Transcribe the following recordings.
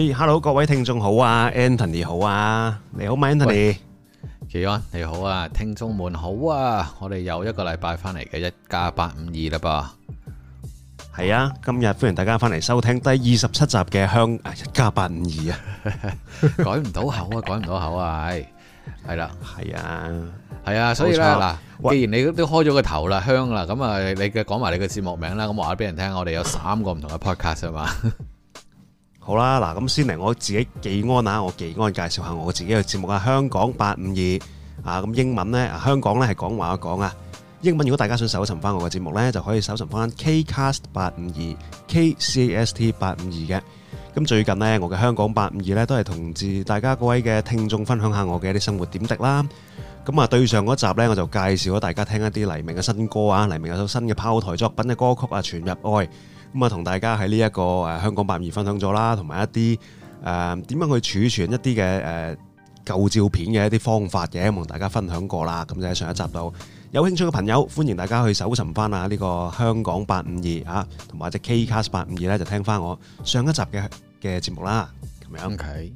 喂，Hello，各位聽眾好啊，Anthony 好啊，你好嘛，Anthony，技安你好啊，聽眾們好啊，我哋又一個禮拜翻嚟嘅一加八五二啦噃，係啊，今日歡迎大家翻嚟收聽第二十七集嘅香一加八五二啊，改唔到口啊，改唔到口啊，唉，係啦，係啊，係啊，所以啦，嗱，既然你都開咗個頭啦，香啦，咁啊，你嘅講埋你嘅節目名啦，咁話俾人聽，我哋有三個唔同嘅 Podcast 啊嘛。好啦，嗱咁先嚟我自己技安啊，我技安介紹下我自己嘅節目啊，香港八五二啊，咁英文咧，香港咧係講話講啊，英文如果大家想搜尋翻我嘅節目咧，就可以搜尋翻 Kcast 八五二 KCST 八五二嘅。咁最近咧，我嘅香港八五二咧都係同住大家各位嘅聽眾分享下我嘅一啲生活點滴啦。咁啊，對上嗰集咧，我就介紹咗大家聽一啲黎明嘅新歌啊，黎明有首新嘅炮台作品嘅歌曲啊，《傳入愛》。咁啊，同大家喺呢一個誒香港八五二分享咗啦，同埋一啲誒點樣去儲存一啲嘅誒舊照片嘅一啲方法嘅，咁同大家分享過啦。咁就喺上一集度，有興趣嘅朋友歡迎大家去搜尋翻啊呢個香港八五二啊，同埋隻 KCast 八五二咧，就聽翻我上一集嘅嘅節目啦。咁樣。Okay.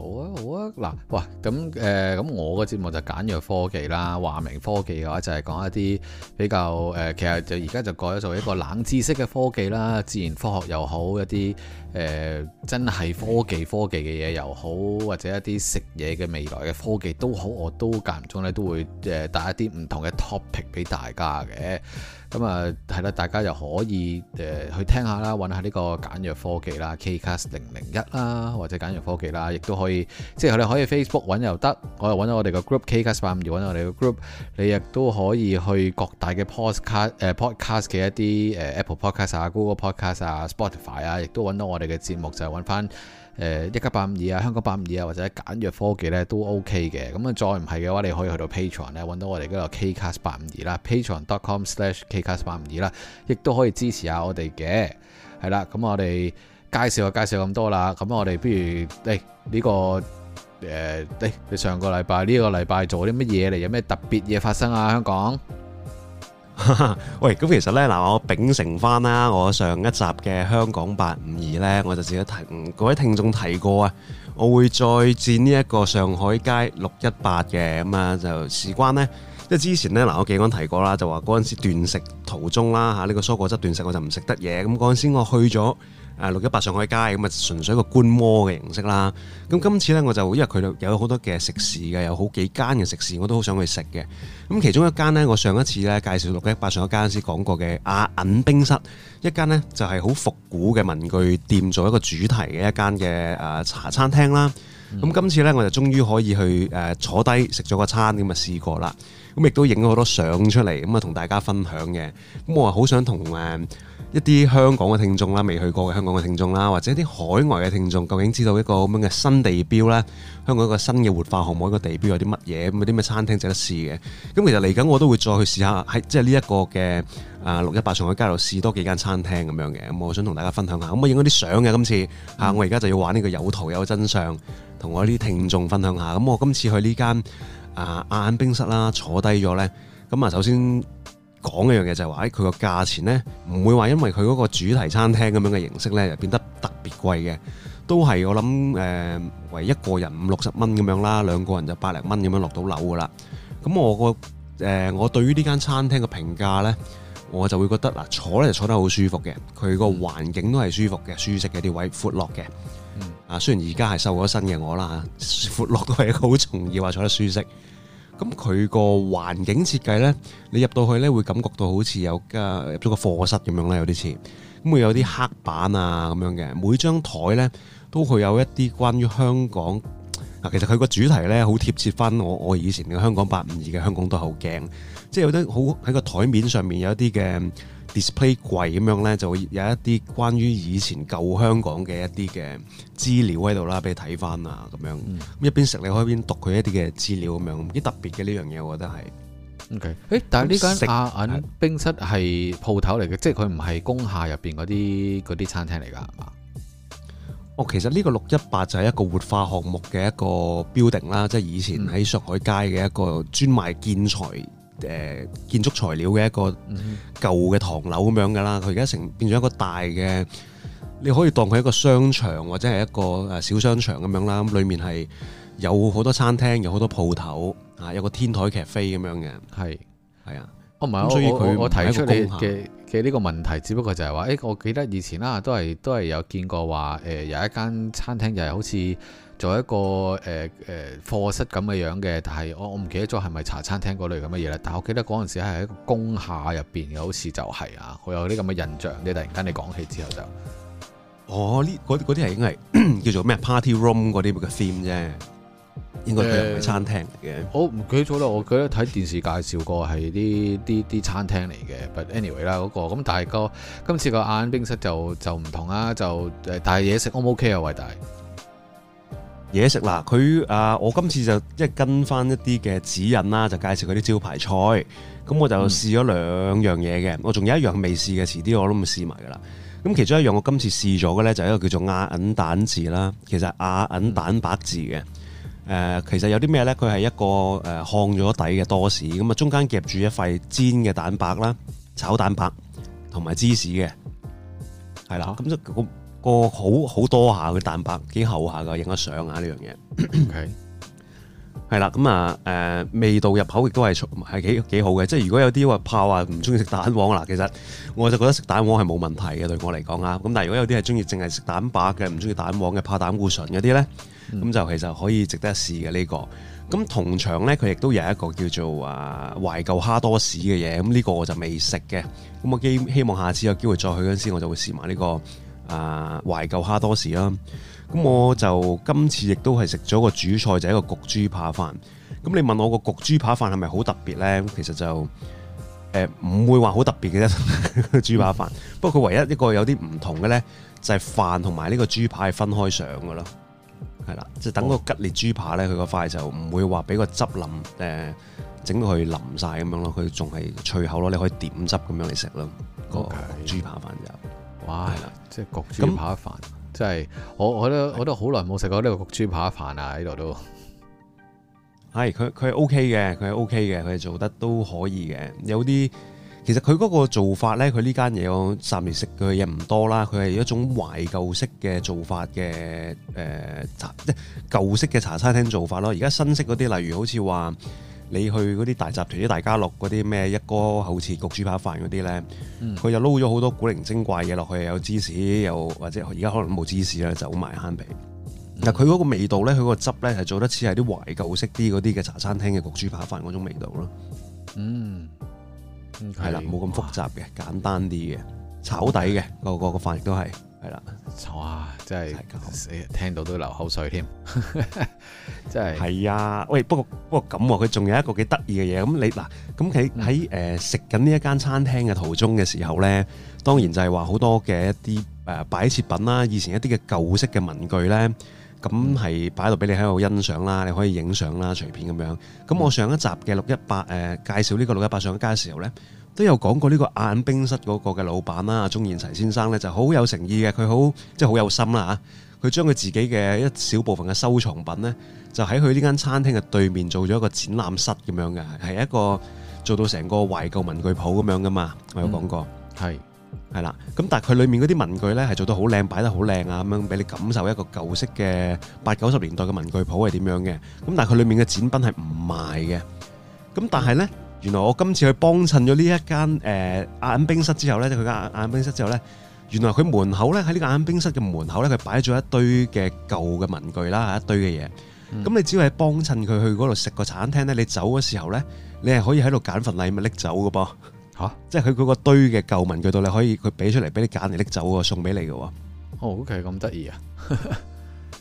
好啊好啊嗱，哇咁誒咁我個節目就簡約科技啦，華明科技嘅話就係講一啲比較誒、呃，其實就而家就改咗做一個冷知識嘅科技啦，自然科學又好一啲。呃、真係科技科技嘅嘢又好，或者一啲食嘢嘅未來嘅科技都好，我都間唔中咧都會誒、呃、帶一啲唔同嘅 topic 俾大家嘅。咁啊係啦，大家又可以誒、呃、去聽下啦，揾下呢個簡約科技啦，Kcast 零零一啦，或者簡約科技啦，亦都可以即係你可以 Facebook 揾又得，到我又揾咗我哋個 group Kcast 八五二，揾我哋個 group，你亦都可以去各大嘅 podcast 誒、呃、podcast 嘅一啲、呃、Apple podcast 啊、Google podcast 啊、Spotify 啊，亦都揾到我。我哋嘅節目就係揾、翻誒一家八五二啊，香講八五二啊，或者簡約科技呢都 OK 嘅。咁啊，再唔係嘅話，你可以去到 Patreon 呢揾到我哋嗰個 KCast 八五二啦，Patreon.com/slash KCast 八五二啦，亦都可以支持下我哋嘅。係啦，咁我哋介紹就介紹咁多啦。咁我哋不如誒呢、欸這個誒、欸，你上個禮拜呢、這個禮拜做啲乜嘢嚟？有咩特別嘢發生啊？香港？ 喂，咁其實呢，嗱，我秉承翻啦，我上一集嘅香港八五二呢，我就自己提，各位聽眾提過啊，我會再戰呢一個上海街六一八嘅，咁啊就事關呢，即係之前呢，嗱，我技安提過啦，就話嗰陣時斷食途中啦吓，呢個蔬果汁斷食我就唔食得嘢，咁嗰陣時我去咗。誒六一八上海街咁啊，純粹一個觀摩嘅形式啦。咁今次呢，我就因為佢有好多嘅食肆嘅，有好幾間嘅食肆，我都好想去食嘅。咁其中一間呢，我上一次呢介紹六一八上海街嗰陣時講過嘅阿銀冰室，一間呢就係、是、好復古嘅文具店做一個主題嘅一間嘅誒茶餐廳啦。咁今次呢，我就終於可以去誒坐低食咗個餐，咁啊試過啦。咁亦都影咗好多相出嚟，咁啊同大家分享嘅。咁我好想同誒。一啲香港嘅聽眾啦，未去過嘅香港嘅聽眾啦，或者一啲海外嘅聽眾，究竟知道一個咁樣嘅新地標咧？香港一個新嘅活化項目，一個地標有啲乜嘢？咁有啲咩餐廳值得試嘅？咁其實嚟緊我都會再去試下喺即係呢一個嘅啊六一八上海街度試多幾間餐廳咁樣嘅。咁我想同大家分享下。咁我影咗啲相嘅今次嚇，我而家就要玩呢個有圖有真相，同我啲聽眾分享下。咁我今次去呢間阿銀、呃、冰室啦，坐低咗咧。咁啊，首先。講一樣嘢就係話，佢個價錢呢唔會話因為佢嗰個主題餐廳咁樣嘅形式呢就變得特別貴嘅，都係我諗誒為一個人五六十蚊咁樣啦，兩個人就百零蚊咁樣落到樓噶啦。咁我個誒我對於呢間餐廳嘅評價呢，我就會覺得嗱坐呢就坐得好舒服嘅，佢個環境都係舒服嘅、舒適嘅，啲位闊落嘅。啊，雖然而家係瘦咗身嘅我啦嚇，闊落都係好重要啊，坐得舒適。咁佢個環境設計呢，你入到去呢會感覺到好似有加入咗個課室咁樣啦，有啲似咁，會有啲黑板啊咁樣嘅，每張台呢都會有一啲關於香港啊，其實佢個主題呢好貼切翻我，我以前嘅香港八五二嘅香港都好勁，即係有啲好喺個台面上面有一啲嘅。display 櫃咁樣咧，就會有一啲關於以前舊香港嘅一啲嘅資料喺度啦，俾你睇翻啊咁樣。咁、嗯、一邊食你可以邊讀佢一啲嘅資料咁樣，幾特別嘅呢樣嘢，我覺得係。OK，誒，但係呢間阿銀冰室係鋪頭嚟嘅，即係佢唔係工廈入邊嗰啲啲餐廳嚟㗎，係、嗯、嘛？哦，其實呢個六一八就係一個活化項目嘅一個標定啦，即係以前喺上海街嘅一個專賣建材。嗯誒、呃、建築材料嘅一個舊嘅唐樓咁樣㗎啦，佢而家成變咗一個大嘅，你可以當佢一個商場或者係一個誒小商場咁樣啦。咁裡面係有好多餐廳，有好多鋪頭，嚇有個天台咖啡咁樣嘅，係係啊。我唔係好中意佢。我提出嘅嘅呢個問題，只不過就係話，誒，我記得以前啦，都係都係有見過話，誒，有一間餐廳就係好似。做一個誒誒課室咁嘅樣嘅，但係我我唔記得咗係咪茶餐廳嗰類咁嘅嘢啦。但係我記得嗰陣時係喺一個工廈入邊嘅，好似就係、是、啊，我有啲咁嘅印象。你突然間你講起之後就，哦，呢嗰啲係應該係叫做咩 Party Room 嗰啲咁嘅 theme 啫，應該係餐廳嚟嘅、嗯。我唔記得咗啦，我記得睇電視介紹過係啲啲啲餐廳嚟嘅。But anyway 啦，嗰個咁，但係今今次個阿銀冰室就就唔同啦，就但係嘢食 O 唔 O K 啊？喂，但係。我嘢食嗱，佢啊、呃，我今次就即係跟翻一啲嘅指引啦，就介紹佢啲招牌菜。咁我就試咗兩樣嘢嘅，我仲有一樣未試嘅，遲啲我都咪試埋噶啦。咁其中一樣我今次試咗嘅咧，就係一個叫做阿銀蛋治啦，其實阿銀蛋白治嘅。誒、呃，其實有啲咩咧？佢係一個誒烘咗底嘅多士，咁啊中間夾住一塊煎嘅蛋白啦、炒蛋白同埋芝士嘅，係啦。咁、啊、就個好好多下嘅蛋白，幾厚下噶，影個相啊呢樣嘢。OK，係啦，咁啊，誒，味道入口亦都係係幾幾好嘅。即係如果有啲話怕話唔中意食蛋黃啦，其實我就覺得食蛋黃係冇問題嘅，對我嚟講啊。咁但係如果有啲係中意淨係食蛋白嘅，唔中意蛋黃嘅，怕膽固醇嗰啲咧，咁、mm. 就其實可以值得一試嘅呢個。咁同場咧，佢亦都有一個叫做啊懷舊蝦多士嘅嘢。咁呢個我就未食嘅。咁我希望下次有機會再去嗰陣時，我就會試埋呢個。啊，懷舊蝦多士啦，咁我就今次亦都係食咗個主菜，就係一個焗豬扒飯。咁你問我個焗豬扒飯係咪好特別呢？其實就誒唔、呃、會話好特別嘅啫， 豬扒飯。不過佢唯一一個有啲唔同嘅呢，就係、是、飯同埋呢個豬扒係分開上嘅咯。係啦，就等個吉列豬扒呢，佢個塊就唔會話俾個汁淋誒整到佢淋晒咁樣咯。佢仲係脆口咯，你可以點汁咁樣嚟食咯，個、okay. 豬扒飯就。.係啦，即係焗豬扒飯，即係我我都我都好耐冇食過呢個焗豬扒飯啊！喺度都係佢佢係 O K 嘅，佢係 O K 嘅，佢係、OK OK、做得都可以嘅。有啲其實佢嗰個做法咧，佢呢間嘢我暫時食佢嘅嘢唔多啦，佢係一種懷舊式嘅做法嘅，誒茶即係舊式嘅茶餐廳做法咯。而家新式嗰啲，例如好似話。你去嗰啲大集團，啲大家樂嗰啲咩一哥好似焗豬扒飯嗰啲咧，佢、嗯、就撈咗好多古靈精怪嘢落去，有芝士，又、嗯、或者而家可能冇芝士啦，就賣慳皮。但佢嗰個味道咧，佢個汁咧係做得似係啲懷舊式啲嗰啲嘅茶餐廳嘅焗豬扒飯嗰種味道咯。嗯，係、嗯、啦，冇咁複雜嘅，簡單啲嘅，炒底嘅個個個飯亦都係。係啦，哇！真係聽到都流口水添，真係。係啊，喂！不過不過咁喎，佢仲有一個幾得意嘅嘢。咁你嗱，咁喺喺誒食緊呢一間餐廳嘅途中嘅時候咧，當然就係話好多嘅一啲誒擺設品啦，以前一啲嘅舊式嘅文具咧，咁係擺到俾你喺度欣賞啦，你可以影相啦，隨便咁樣。咁我上一集嘅六一八誒介紹呢個六一八上海街嘅時候咧，都有講過呢個銀冰室嗰個嘅老闆啦，阿鍾燕齊先生咧就好有誠意嘅，佢好即係好有心啦嚇。佢將佢自己嘅一小部分嘅收藏品咧，就喺佢呢間餐廳嘅對面做咗一個展覽室咁樣嘅，係一個做到成個懷舊文具鋪咁樣噶嘛。我有講過，係係啦。咁但係佢裡面嗰啲文具咧係做到好靚，擺得好靚啊，咁樣俾你感受一個舊式嘅八九十年代嘅文具鋪係點樣嘅。咁但係佢裡面嘅展品係唔賣嘅。咁但係咧。原來我今次去幫襯咗呢一間誒阿銀冰室之後咧，即係佢間阿銀冰室之後咧，原來佢門口咧喺呢個阿銀冰室嘅門口咧，佢擺咗一堆嘅舊嘅文具啦嚇，一堆嘅嘢。咁你只要係幫襯佢去嗰度食個餐廳咧，你走嘅時候咧，你係可以喺度揀份禮物拎走嘅噃。嚇！即係佢嗰個堆嘅舊文具度，你可以佢俾出嚟俾你揀嚟拎走嘅，送俾你嘅。哦，OK，咁得意啊！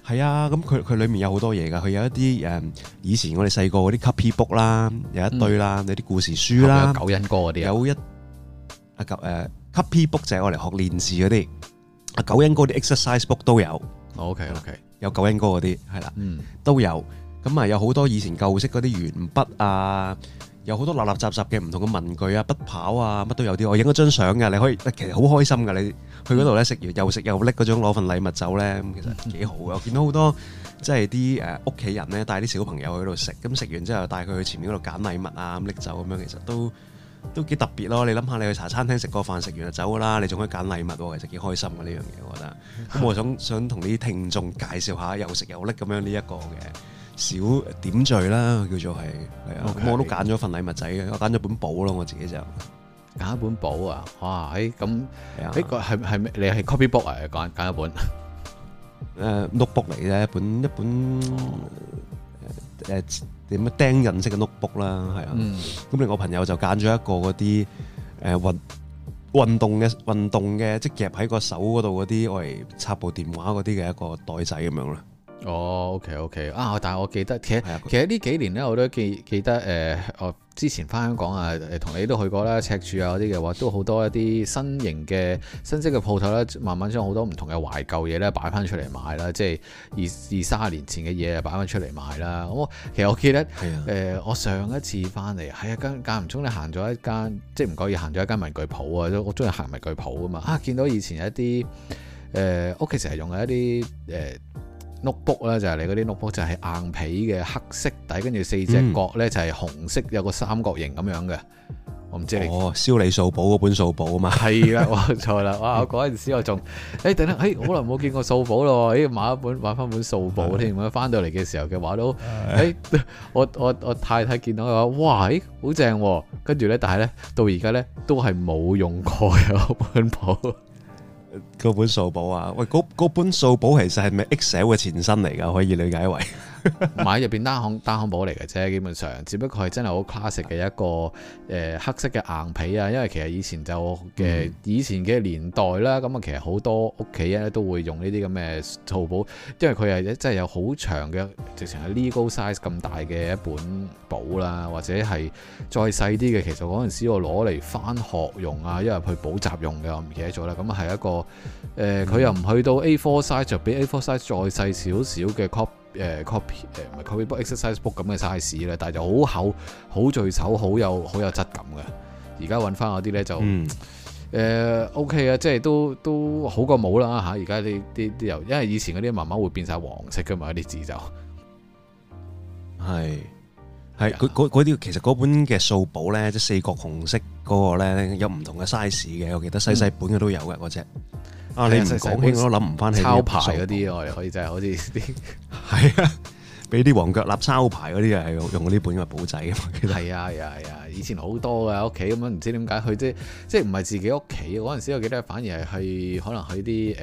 係啊，咁佢佢裏面有好多嘢噶，佢有一啲誒以前我哋細個嗰啲 copybook 啦，有一堆啦，有啲故事書啦，有九因歌嗰啲，有一啊九誒 copybook 就係我哋學練字嗰啲，啊九因歌啲 exercise book 都有，OK OK，有九因歌嗰啲，係啦，都有，咁啊有好多以前舊式嗰啲鉛筆啊。有好多垃垃雜雜嘅唔同嘅文具啊、筆刨啊，乜都有啲。我影咗張相嘅，你可以其實好開心嘅。你去嗰度咧食完又食又拎嗰種攞份禮物走咧，其實幾好嘅。我見到好多即係啲誒屋企人咧帶啲小朋友去度食，咁食完之後帶佢去前面嗰度揀禮物啊，咁拎走咁樣，其實都都幾特別咯。你諗下，你去茶餐廳食個飯，食完就走啦，你仲可以揀禮物喎，其實幾開心嘅呢樣嘢，我覺得。咁我想想同啲聽眾介紹下又食又拎咁樣呢一個嘅。小點綴啦，叫做係係啊，咁、okay, 嗯、我都揀咗份禮物仔，我揀咗本簿咯，我自己就揀一本簿啊，哇，咁、欸，呢個係係你係 copy book 啊？揀揀一本，誒、uh, notebook 嚟嘅一本一本誒誒點樣釘印式嘅 notebook 啦，係啊，咁、mm. 另外我朋友就揀咗一個嗰啲誒運運動嘅運動嘅，即夾喺個手嗰度嗰啲，我嚟插部電話嗰啲嘅一個袋仔咁樣啦。哦、oh，OK OK 啊、ah, yeah, that...！但係我記得，其實其實呢幾年咧，我都記記得誒，我之前翻香港啊，誒同你都去過啦，赤柱啊嗰啲嘅話，都好多一啲新型嘅新式嘅鋪頭啦，慢慢將好多唔同嘅懷舊嘢咧擺翻出嚟賣啦，即係二二三十年前嘅嘢啊擺翻出嚟賣啦。咁我其實我記得誒、yeah. 呃，我上一次翻嚟係啊，間間唔中你行咗一間，即係唔覺意行咗一間文具鋪啊，我我中意行文具鋪啊嘛啊，見到以前一啲誒屋企成日用嘅一啲誒。呃 notebook 咧就係你嗰啲 notebook 就係硬皮嘅黑色底，跟住四隻角咧就係紅色，嗯，有個三角形咁樣嘅。我唔知你哦，燒你數簿嗰本數簿啊嘛，係啦，我錯啦，哇！我嗰陣時我仲 誒，等等，誒，好耐冇見過數簿咯，誒，買一本，買翻本數簿添，咁樣翻到嚟嘅時候嘅話都，誒，我我我，我太太見到嘅話，哇，好正，跟住咧，但係咧，到而家咧都係冇用開啊，本簿。嗰本數簿啊，喂，嗰本數簿其實係咪 Excel 嘅前身嚟噶？可以理解為。買入邊單行單行簿嚟嘅啫，基本上只不過係真係好 classic 嘅一個誒、呃、黑色嘅硬皮啊。因為其實以前就嘅以前嘅年代啦，咁啊，其實好多屋企咧都會用呢啲咁嘅套簿，因為佢係真係有好長嘅，直情係 legal size 咁大嘅一本簿啦，或者係再細啲嘅。其實嗰陣時我攞嚟翻學用啊，因為去補習用嘅，我唔記得咗啦。咁係一個誒，佢、呃、又唔去到 A four size，就比 A four size 再細少少嘅 copy 誒、uh,，copy 誒，唔係 copy book，exercise book 咁嘅 size 咧，但係就好厚，好聚丑，好有好有質感嘅。而家揾翻嗰啲咧就誒、嗯 uh,，OK 啊，即係都都好過冇啦吓。而家啲啲啲又，因為以前嗰啲慢慢會變晒黃色噶嘛，啲字就係係嗰啲，yeah. 其實嗰本嘅數簿咧，即係四角紅色嗰個咧，有唔同嘅 size 嘅，我記得細細本嘅都有嘅嗰隻。嗯。啊！你唔講，我諗唔翻。 抄牌嗰啲，我哋可以就係好似啲，係啊，俾啲黃腳鈕抄牌嗰啲，係用呢本嘅簿仔。係啊，啊，係啊，以前好多噶屋企咁樣，唔知點解去啲，即係唔係自己屋企嗰陣時，我記得反而係去，可能去啲誒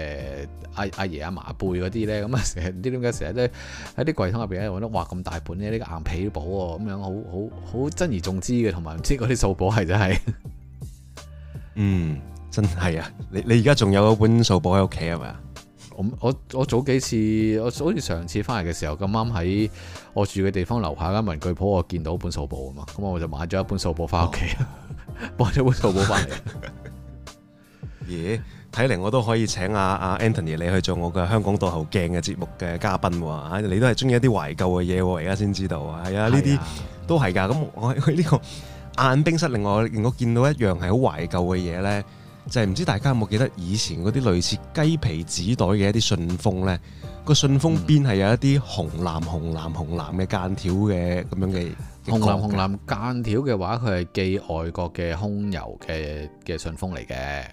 阿阿爺阿嫲背嗰啲咧。咁啊，成日唔知點解，成日都喺啲櫃桶入邊咧，我覺得哇，咁大本呢。呢個硬皮簿喎，咁樣好好好珍而重之嘅，同埋唔知嗰啲數簿係真係，嗯。真係啊！你你而家仲有本素簿喺屋企係咪啊？我我我早幾次我好似上次翻嚟嘅時候，咁啱喺我住嘅地方樓下間文具鋪，我見到本素簿啊嘛，咁我就買咗一本素簿翻屋企，買咗本素簿翻嚟。咦？睇嚟我都可以請阿阿 Anthony 你去做我嘅香港倒後鏡嘅節目嘅嘉賓喎，你都係中意一啲懷舊嘅嘢喎，而家先知道啊！係啊，呢啲都係噶。咁我喺呢個銀冰室，另外我我見到一樣係好懷舊嘅嘢咧。就係、是、唔知大家有冇記得以前嗰啲類似雞皮紙袋嘅一啲信封呢？個信封邊係有一啲紅藍紅藍紅藍嘅間條嘅咁樣嘅紅藍紅藍間條嘅話，佢係寄外國嘅空郵嘅嘅信封嚟嘅。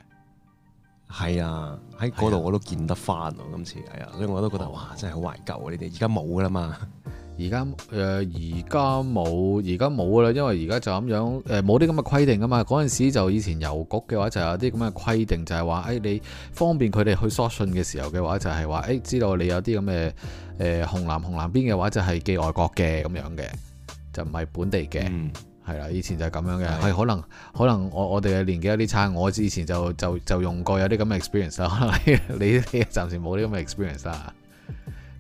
係啊，喺嗰度我都見得翻喎、啊。今次係啊，所以我都覺得哇，真係好懷舊啊！呢啲而家冇噶啦嘛～而家誒，而家冇，而家冇噶啦，因為而家就咁樣冇啲咁嘅規定噶嘛。嗰陣時就以前郵局嘅話就有啲咁嘅規定就係，就係話你方便佢哋去疏信嘅時候嘅話就係話、哎、知道你有啲咁嘅誒紅藍紅藍邊嘅話就係寄外國嘅咁樣嘅，就唔係本地嘅。係、嗯、啦，以前就係咁樣嘅、哎。可能可能我我哋嘅年紀有啲差，我之前就就就用過有啲咁嘅 experience，可能你，你暫時冇啲咁嘅 experience 啊。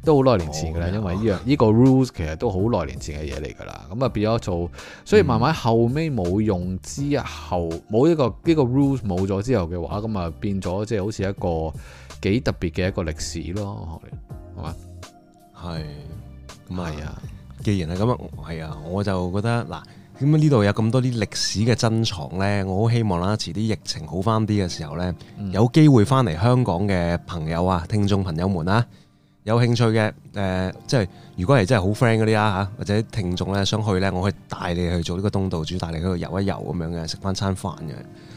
都好耐年前噶啦、哦，因為呢樣呢個 rules 其實都好耐年前嘅嘢嚟噶啦，咁啊變咗做，所以慢慢後尾冇用之後冇、嗯、一個呢、呢個 rules 冇咗之後嘅話，咁啊變咗即係好似一個幾特別嘅一個歷史咯，係嘛？係咁係啊，既然係咁啊，係啊，我就覺得嗱，點解呢度有咁多啲歷史嘅珍藏呢？我好希望啦、啊，遲啲疫情好翻啲嘅時候呢，嗯、有機會翻嚟香港嘅朋友啊，聽眾朋友們啦、啊。有興趣嘅，誒、呃，即係如果係真係好 friend 嗰啲啦嚇，或者聽眾咧想去咧，我可以帶你去做呢個東道主，帶你去遊一遊咁樣嘅，食翻餐飯嘅。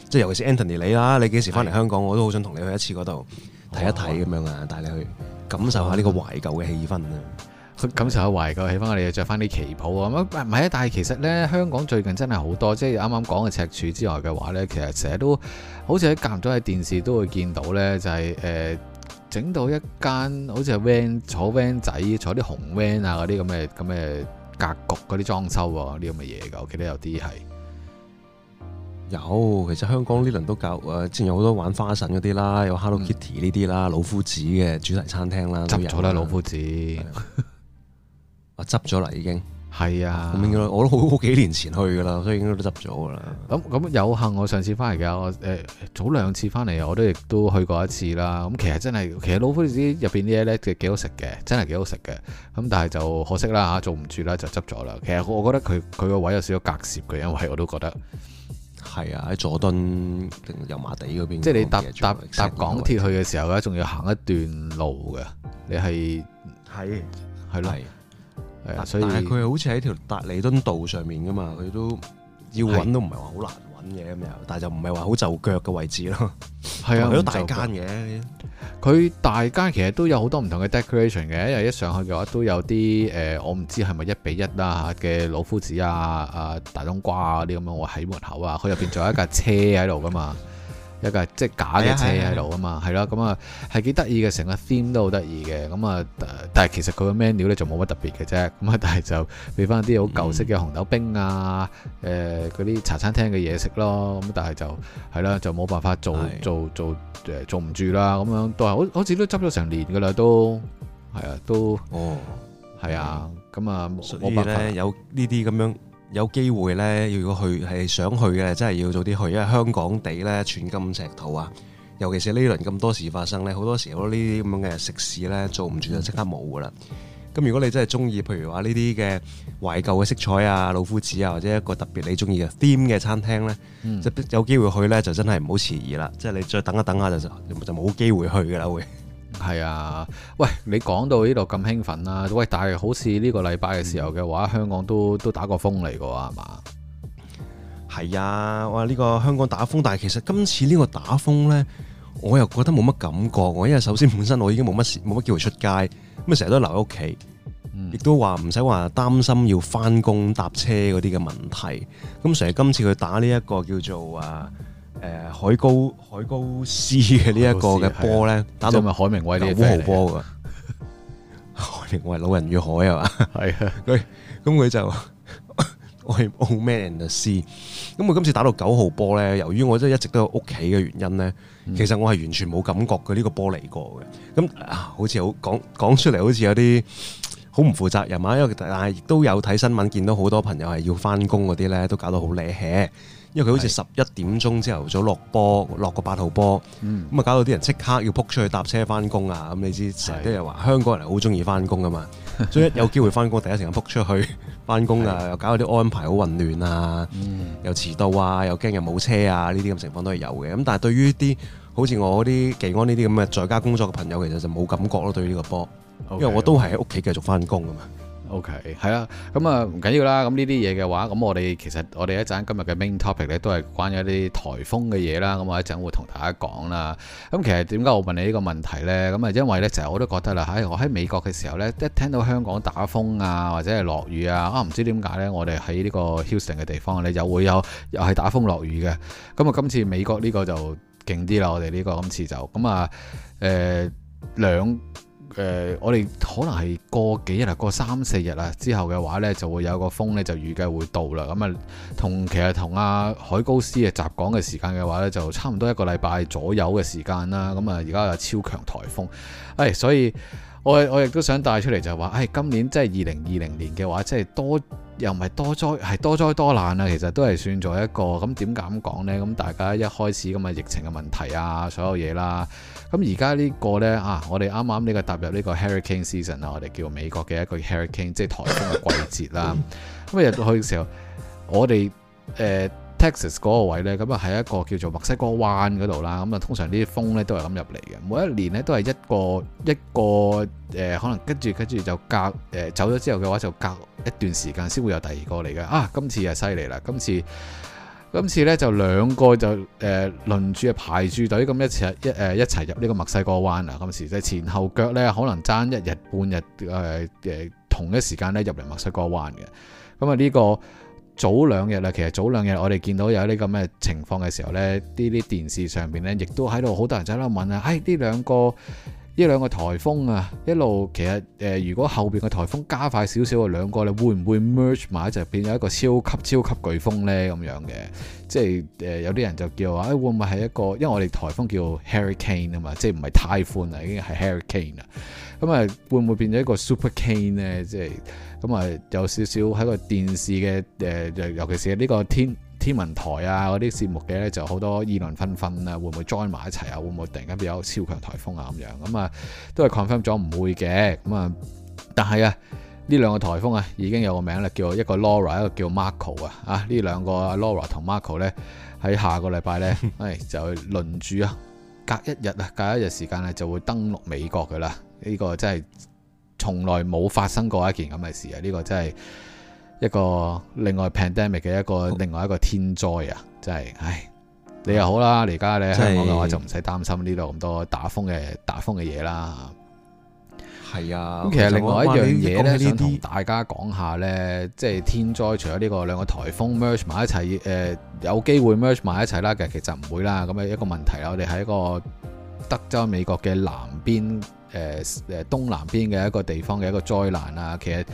即係尤其是 Anthony 你啦，你幾時翻嚟香港，我都好想同你去一次嗰度睇一睇咁樣啊，帶你去感受下呢個懷舊嘅氣氛啊，感受下懷舊氣氛啊，我哋着翻啲旗袍啊咁，唔係，但係其實咧，香港最近真係好多，即係啱啱講嘅赤柱之外嘅話咧，其實成日都好似喺間唔中喺電視都會見到咧、就是，就係誒。整到一間好似係 van 坐 van 仔，坐啲紅 van 啊，嗰啲咁嘅咁嘅格局，嗰啲裝修喎，呢咁嘅嘢嘅，我記得有啲係有，其實香港呢輪都夠誒，之前有好多玩花神嗰啲啦，有 Hello Kitty 呢啲啦，老夫子嘅主題餐廳啦，執咗啦，老夫子，我執咗啦已經。係啊，我都好好幾年前去噶啦，所以應該都執咗噶啦。咁咁有幸，我上次翻嚟嘅，我誒早兩次翻嚟，我都亦都去過一次啦。咁其實真係，其實老夫子入邊啲嘢咧，幾幾好食嘅，真係幾好食嘅。咁但係就可惜啦嚇，做唔住啦，就執咗啦。其實我覺得佢佢個位有少少隔涉嘅，因為我都覺得係啊，喺佐敦定油麻地嗰邊，即係你搭搭搭港鐵去嘅時候咧，仲要行一段路嘅。你係係係嚟。係啊係啊。所以，但係佢好似喺條達利敦道上面噶嘛，佢都要揾，都唔係話好難揾嘅，咁樣，但係就唔係話好就腳嘅位置咯。係啊，佢都大間嘅。佢大間其實都有好多唔同嘅 decoration 嘅，因為一上去嘅話都有啲誒、呃，我唔知係咪一比一啦嘅老夫子啊、啊大冬瓜啊啲咁樣，我喺門口啊，佢入邊仲有一架車喺度噶嘛。 一架即的、哎、的的有的個即係假嘅車喺度啊嘛，係咯，咁啊係幾得意嘅，成個 theme 都好得意嘅，咁啊，但係其實佢個 menu 咧就冇乜特別嘅啫，咁啊，但係就，畀返啲好舊式嘅紅豆冰啊，誒嗰啲茶餐廳嘅嘢食咯，咁但係就係啦，就冇辦法做做做誒做唔住啦，咁樣都係好好似都執咗成年噶啦，都係啊，都，都哦，係啊，咁啊冇辦法。所以咧有呢啲咁樣。有機會咧，如果去係想去嘅，真係要早啲去，因為香港地咧寸金尺土啊，尤其是呢輪咁多事發生咧，好多時候好多呢啲咁樣嘅食肆咧做唔住就即刻冇噶啦。咁如果你真係中意，譬如話呢啲嘅懷舊嘅色彩啊、老夫子啊，或者一個特別你中意嘅 theme 嘅餐廳咧，有機會去咧就真係唔好遲疑啦，即係你再等一等下，就就冇機會去噶啦會。係啊，喂，你講到呢度咁興奮啦，喂，但係好似呢個禮拜嘅時候嘅話，嗯、香港都都打過風嚟噶喎，係嘛？係啊，哇！呢、這個香港打風，但係其實今次呢個打風呢，我又覺得冇乜感覺，因為首先本身我已經冇乜冇乜機會出街，咁啊成日都留喺屋企，亦、嗯、都話唔使話擔心要翻工搭車嗰啲嘅問題，咁成日今次佢打呢一個叫做啊。誒，海高 C 的這個球球海高斯嘅呢一個嘅波咧，打到咪海明威啲五號波噶，海明威老人與海係嘛？係啊，佢咁佢就我係冇咩人啊斯，咁我今次打到九號波咧，由於我真係一直都屋企嘅原因咧，其實我係完全冇感覺佢呢個波嚟過嘅，咁啊，好似好講講出嚟好似有啲好唔負責任啊，因為但係都有睇新聞見到好多朋友係要翻工嗰啲咧，都搞到好咧 h 因為佢好似十一點鐘之後的早落波，落個八號波，咁啊搞到啲人即刻要撲出去搭車翻工啊！咁的你知成日都話香港人好中意翻工噶嘛， 所以有機會翻工，第一時間撲出去翻工啊，的又搞到啲安排好混亂啊、嗯，又遲到啊，又驚又冇車啊，呢啲咁情況都係有嘅。咁但係對於啲好似我啲技安呢啲咁嘅在家工作嘅朋友，其實就冇感覺咯。對於呢個波，因為我都係喺屋企繼續翻工啊嘛。Okay, okay. 嗯 O K，係啦，咁啊唔緊要啦。咁呢啲嘢嘅話，咁、嗯、我哋其實我哋一陣今日嘅 main topic 呢都係關於一啲台風嘅嘢啦。咁、嗯、我一陣會同大家講啦。咁、嗯、其實點解我問你呢個問題呢？咁、嗯、啊，因為呢，其、就是、我都覺得啦，喺、哎、我喺美國嘅時候呢，一聽到香港打風啊，或者係落雨啊，啊唔知點解呢，我哋喺呢個 Houston 嘅地方呢又會有又係打風落雨嘅。咁、嗯、啊、嗯，今次美國呢個就勁啲啦，我哋呢個今次就咁啊，誒、嗯、兩。嗯誒、呃，我哋可能係過幾日啦，過三四日啦之後嘅話呢，就會有個風呢就預計會到啦。咁啊，同其實同阿、啊、海高斯嘅襲港嘅時間嘅話呢，就差唔多一個禮拜左右嘅時間啦。咁啊，而家有超強颱風，唉、哎，所以。我我亦都想帶出嚟就係話，誒、哎、今年即係二零二零年嘅話，即係多又唔係多災，係多災多難啊！其實都係算做一個咁，點解咁講呢？咁大家一開始咁嘅疫情嘅問題啊，所有嘢啦、啊，咁而家呢個呢，啊，我哋啱啱呢個踏入呢個 hurricane season 啊，我哋叫美國嘅一個 hurricane，即係台風嘅季節啦、啊。咁入到去嘅時候，我哋誒。呃 Texas 嗰個位呢，咁啊喺一個叫做墨西哥灣嗰度啦。咁啊，通常啲風呢都係咁入嚟嘅。每一年呢都係一個一個誒、呃，可能跟住跟住就隔誒、呃、走咗之後嘅話，就隔一段時間先會有第二個嚟嘅。啊，今次又犀利啦！今次今次呢就兩個就誒、呃、輪住啊排住隊咁一齊一誒、呃、一齊入呢個墨西哥灣啊！今時就前後腳呢，可能爭一日半日誒誒同一時間呢入嚟墨西哥灣嘅。咁啊呢個。早兩日啦，其實早兩日我哋見到有呢咁嘅情況嘅時候呢，呢啲電視上面呢，亦都喺度好多人喺度問啊，唉、哎，呢兩個。呢兩個颱風啊，一路其實誒、呃，如果後邊嘅颱風加快少少嘅兩個咧，會唔會 merge 埋就變咗一個超級超級颶風呢？咁樣嘅？即係誒、呃，有啲人就叫話誒，會唔會係一個？因為我哋颱風叫 hurricane 啊嘛，即係唔係太風啊，已經係 hurricane 啦。咁、嗯、啊，會唔會變咗一個 super cane 咧？即係咁啊，有少少喺個電視嘅誒、呃，尤其是呢個天天文台啊，嗰啲節目嘅咧就好多議論紛紛啊，會唔會 join 埋一齊啊？會唔會突然間變有超強台風啊？咁樣咁啊，都係 confirm 咗唔會嘅。咁啊，但係啊，呢兩個台風啊，已經有個名咧，叫一個 Laura，一個叫 Marco 啊。啊，呢兩個 Laura 同 Marco 咧，喺下個禮拜咧，係 就去輪住啊，隔一日啊，隔一日時間咧，就會登陸美國噶啦。呢個真係從來冇發生過一件咁嘅事啊！呢個真係。一個另外 pandemic 嘅一個，一個另外一個天災啊，真係，唉，你又好啦，而家你喺香港嘅話就唔使擔心呢度咁多打風嘅打風嘅嘢啦。係啊，咁其實，其實另外一樣嘢咧，想同大家講下咧，即係天災，除咗呢個兩個台風 merge 埋一齊，誒、呃，有機會 merge 埋一齊啦，其實唔會啦。咁啊，一個問題，我哋喺一個德州美國嘅南邊。誒誒，東南邊嘅一個地方嘅一個災難啊，其實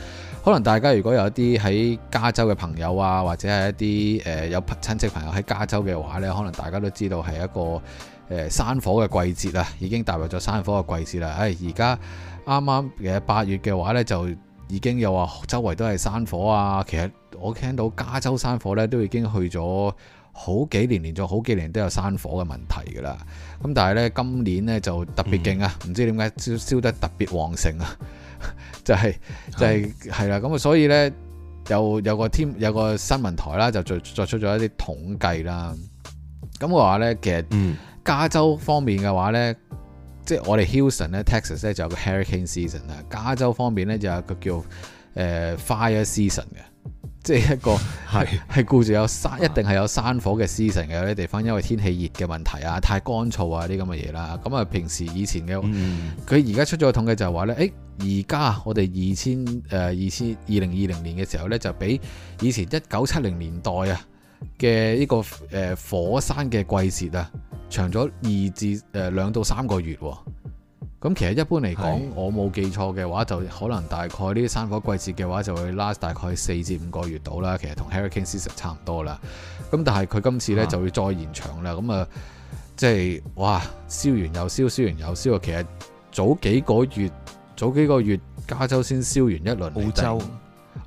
可能大家如果有一啲喺加州嘅朋友啊，或者係一啲誒、呃、有親戚朋友喺加州嘅話呢，可能大家都知道係一個誒、呃、山火嘅季節啦，已經踏入咗山火嘅季節啦。誒、哎，而家啱啱嘅八月嘅話呢，就已經又話周圍都係山火啊。其實我聽到加州山火呢，都已經去咗好幾年連續好幾年都有山火嘅問題嘅啦，咁但係呢，今年呢就特別勁啊，唔、嗯、知點解燒燒得特別旺盛啊，就係、是、就係係啦，咁、嗯、啊所以呢有有個天有個新聞台啦，就作作出咗一啲統計啦。咁嘅話呢，其實加州方面嘅話、嗯、Houston, 呢，即係我哋 Houston 呢 Texas 呢就有個 Hurricane Season 啦，加州方面呢，就有個叫誒、呃、Fire Season 嘅。即係一個係係顧住有山， 一定係有山火嘅季節嘅有啲地方，因為天氣熱嘅問題啊，太乾燥啊啲咁嘅嘢啦。咁啊，平時以前嘅佢而家出咗個統計就係話呢：「誒而家我哋二千誒二千二零二零年嘅時候呢，就比以前一九七零年代啊嘅呢個誒火山嘅季節啊長咗二至誒兩到三個月。咁其實一般嚟講，我冇記錯嘅話，就可能大概呢啲山火季節嘅話，就會 last 大概四至五個月到啦。其實同 Hurricane 斯實差唔多啦。咁但係佢今次呢，就會再延長啦。咁啊，即係、啊就是、哇，燒完又燒，燒完又燒，其實早幾個月，早幾個月加州先燒完一輪，澳洲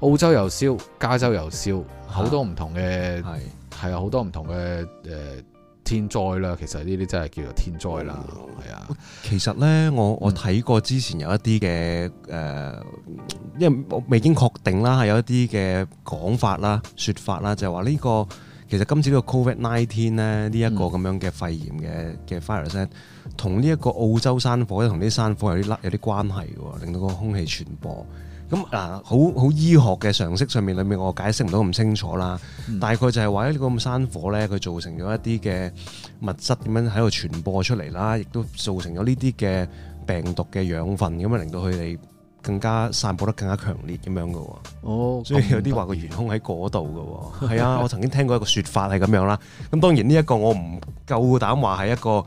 澳洲又燒，加州又燒，好多唔同嘅係啊，好多唔同嘅誒。天災啦、嗯啊，其實呢啲真係叫做天災啦，係啊。其實咧，我我睇過之前有一啲嘅誒，因為我未經確定啦，係有一啲嘅講法啦、説法啦，就係話呢個其實今次呢個 Covid Nineteen 咧，呢一個咁樣嘅肺炎嘅嘅 virus 咧，同呢一個澳洲山火咧，同啲山火有啲甩有啲關係嘅喎，令到個空氣傳播。咁嗱，好好醫學嘅常識上面裏面，我解釋唔到咁清楚啦，嗯。大概就係話呢個咁山火咧，佢造成咗一啲嘅物質咁樣喺度傳播出嚟啦，亦都造成咗呢啲嘅病毒嘅養分，咁樣令到佢哋更加散播得更加強烈咁樣噶喎。哦，所以有啲話個元兇喺嗰度噶喎。係 啊，我曾經聽過一個説法係咁樣啦。咁當然呢一個我唔夠膽話係一個誒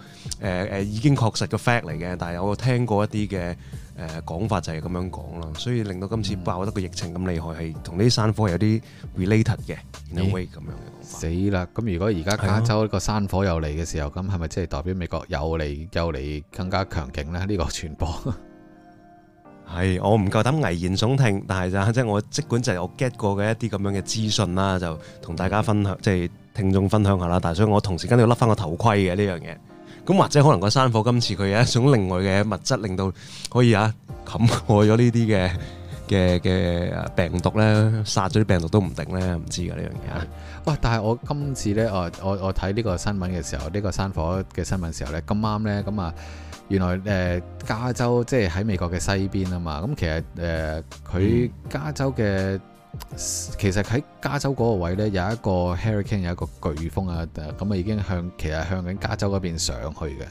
誒已經確實嘅 fact 嚟嘅，但係我有聽過一啲嘅。誒、呃、講法就係咁樣講啦，所以令到今次爆得個疫情咁厲害，係同啲山火有啲 related 嘅咁樣死啦！咁如果而家加州個山火又嚟嘅時候，咁係咪即係代表美國又嚟又嚟更加強勁咧？呢、呢個傳播係我唔夠膽危言聳聽，但係就即、是、係我即管就係我 get 過嘅一啲咁樣嘅資訊啦，就同大家分享，即、就、係、是、聽眾分享下啦。但、嗯、係所以我同時間要笠翻個頭盔嘅呢樣嘢。咁或者可能個山火今次佢有一種另外嘅物質，令到可以啊冚蓋咗呢啲嘅嘅嘅病毒咧，殺咗啲病毒都唔定咧，唔知㗎呢樣嘢啊！哇、哦！但係我今次咧，我我我睇呢個新聞嘅時候，呢、呢個山火嘅新聞嘅時候咧，咁啱咧，咁啊原來誒、呃、加州即係喺美國嘅西邊啊嘛，咁其實誒佢、呃、加州嘅、嗯。其實喺加州嗰個位呢，有一個 hurricane 有一個颶風啊，咁啊已經向其實向緊加州嗰邊上去嘅。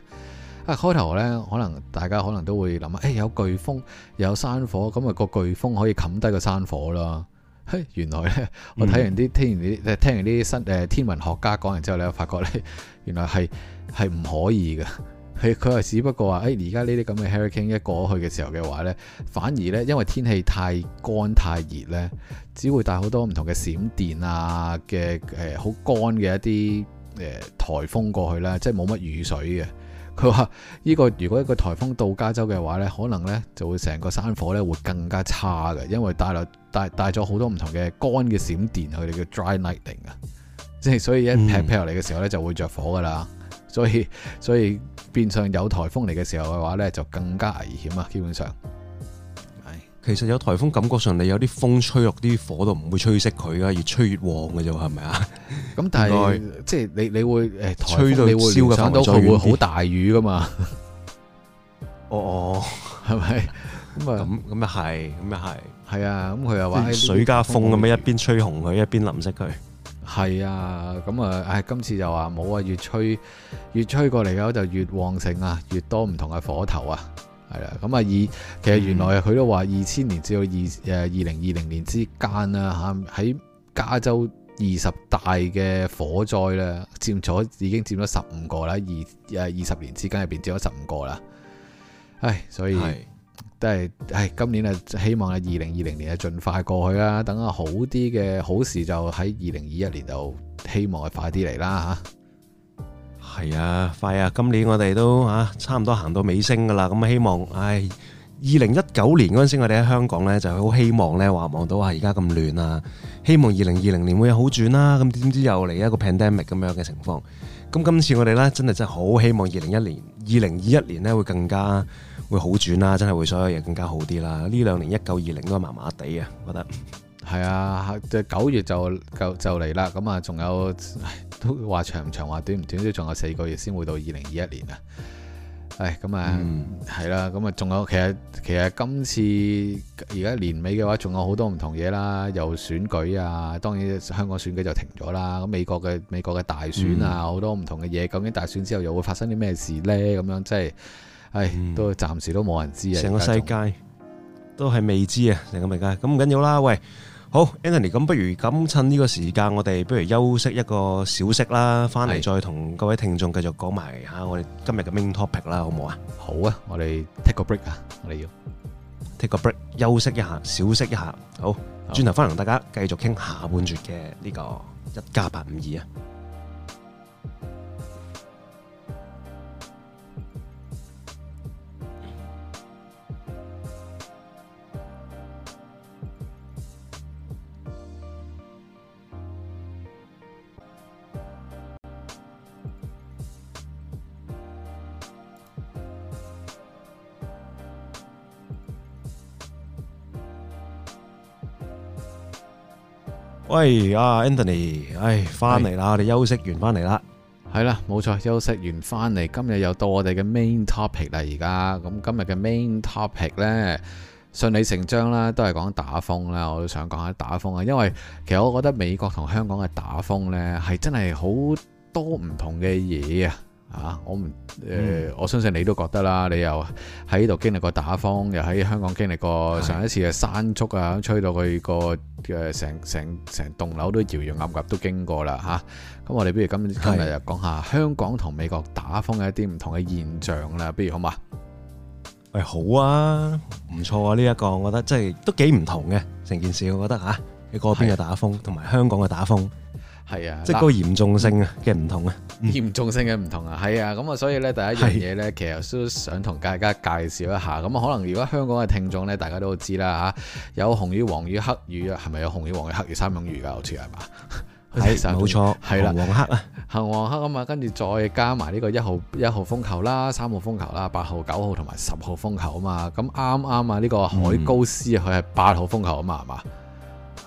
啊開頭咧可能大家可能都會諗啊，誒、欸、有颶風有山火，咁啊個颶風可以冚低個山火啦。嘿，原來呢，我睇完啲、嗯、聽完啲聽完啲新誒天文學家講完之後咧，我發覺呢，原來係係唔可以嘅。佢佢話，只不過話，誒而家呢啲咁嘅 hurricane 一過去嘅時候嘅話呢，反而呢，因為天氣太乾太熱呢，只會帶好多唔同嘅閃電啊嘅，誒好乾嘅一啲誒颱風過去啦，即係冇乜雨水嘅。佢話、這個，呢個如果一個颱風到加州嘅話呢，可能呢就會成個山火呢會更加差嘅，因為帶來帶帶咗好多唔同嘅乾嘅閃電，佢哋嘅 dry lightning 啊，即係所以一劈一劈落嚟嘅時候呢、嗯、就會着火噶啦。所以所以變相有颱風嚟嘅時候嘅話咧，就更加危險啊！基本上，係其實有颱風，感覺上你有啲風吹落啲火都唔會吹熄佢啊，越吹越旺嘅啫，係咪 不是、 嗯、啊？咁但係即係你你會誒，吹到燒嘅颱風佢會好大雨噶嘛？哦哦，係咪咁啊？咁咁又係，咁又係，係啊！咁佢又話水加風咁樣，一邊吹紅佢，一邊淋熄佢。係啊，咁啊，唉，今次就話冇啊，越吹越吹過嚟嘅就越旺盛啊，越多唔同嘅火頭啊，係啊，咁啊，二其實原來佢都話二千年至到二誒二零二零年之間啊，吓喺加州二十大嘅火災咧，佔咗已經佔咗十五個啦，二誒二十年之間入邊佔咗十五個啦，唉，所以。都係，唉，今年啊，希望喺二零二零年啊，盡快過去啦。等下好啲嘅好事就喺二零二一年度。希望快啲嚟啦嚇。係啊，快啊！今年我哋都嚇、啊、差唔多行到尾聲噶啦，咁、嗯、希望唉，二零一九年嗰陣時我哋喺香港呢，就好希望咧話望到啊而家咁亂啊，希望二零二零年會有好轉啦、啊。咁點知又嚟一個 pandemic 咁樣嘅情況。咁今次我哋呢，真係真係好希望二零一年、二零二一年咧會更加，會好轉啦、啊，真係會所有嘢更加好啲啦。呢兩年一九二零都係麻麻地啊，覺得。係啊，九月就就就嚟啦。咁啊，仲有都話長唔長，話短唔短，都仲有四個月先會到二零二一年啊。唉，咁啊，係、嗯、啦，咁啊，仲有其實其實今次而家年尾嘅話，仲有好多唔同嘢啦，又選舉啊，當然香港選舉就停咗啦。咁美國嘅美國嘅大選啊，好、嗯、多唔同嘅嘢。究竟大選之後又會發生啲咩事呢？咁樣即係。就是係、嗯，都暫時都冇人知啊！成個世界都係未知啊！成個世界咁唔緊要啦。喂，好，Anthony，咁不如咁趁呢個時間，我哋不如休息一個小息啦，翻嚟再同各位聽眾繼續講埋吓我哋今日嘅 main topic 啦，好唔好啊？好啊，我哋 take 個 break 啊，我哋要 take 個 break 休息一下，小息一下，好，轉頭翻嚟同大家繼續傾下半節嘅呢個一加八五二啊！喂啊，Anthony，唉，返嚟啦，我哋休息完返嚟啦，係啦，冇錯，休息完返嚟，今日又到我哋嘅 main topic 啦，而家，咁今日嘅 main topic 咧，順理成章啦，都係講打風啦，我都想講下打風啊，因為其實我覺得美國同香港嘅打風呢，係真係好多唔同嘅嘢啊。啊！我唔誒，嗯、我相信你都覺得啦。你又喺度經歷過打風，又喺香港經歷過上一次嘅山觸山竹啊，吹到佢個誒成成成棟樓都搖搖揀揀，都經過啦嚇。咁、啊、我哋不如今今日又講下香港同美國打風嘅一啲唔同嘅現象啦。不如好嘛？喂，好啊，唔錯啊！呢、這、一個我覺得真係都幾唔同嘅成件事，我覺得嚇你嗰邊嘅打風同埋香港嘅打風。係啊，即係嗰個嚴重性嘅唔同啊，嗯嗯、嚴重性嘅唔同啊，係啊，咁啊，所以咧第一樣嘢咧， 其實都想同大家介紹一下。咁啊，可能如果香港嘅聽眾咧，大家都知啦嚇、啊，有紅雨、黃雨、黑雨，係咪有紅雨、黃雨、黑雨三種雨㗎？好似係嘛？係冇錯，係啦，紅黃黑啊，紅黃黑啊嘛，跟住再加埋呢個一號、一號風球啦，三號風球啦，八號、九號同埋十號風球啊嘛，咁啱啱啊，呢個海高斯佢係八號風球啊嘛，係嘛？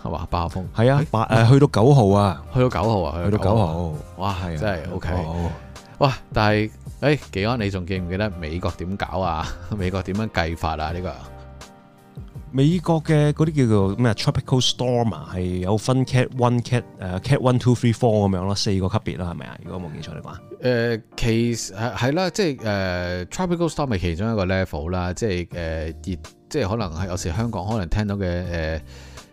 係嘛？八號風，係啊，誒、欸，去到九號啊，去到九號啊，去到九號、啊啊啊，哇，係、啊、真係 OK，、啊、哇！但係誒，技、欸、安？你仲記唔記得美國點搞啊？美國點樣計法啊？呢、這個美國嘅嗰啲叫做咩？Tropical Storm 啊，係有分 Cat One Cat 誒、呃、，Cat One Two Three Four 咁樣咯，四個級別咯，係咪啊？如果冇記錯嘅話，誒、呃，其實係係啦，即、啊、係誒，Tropical、就是呃、Storm 係其中一個 level 啦、就是，即係誒即係可能係有時香港可能聽到嘅誒。呃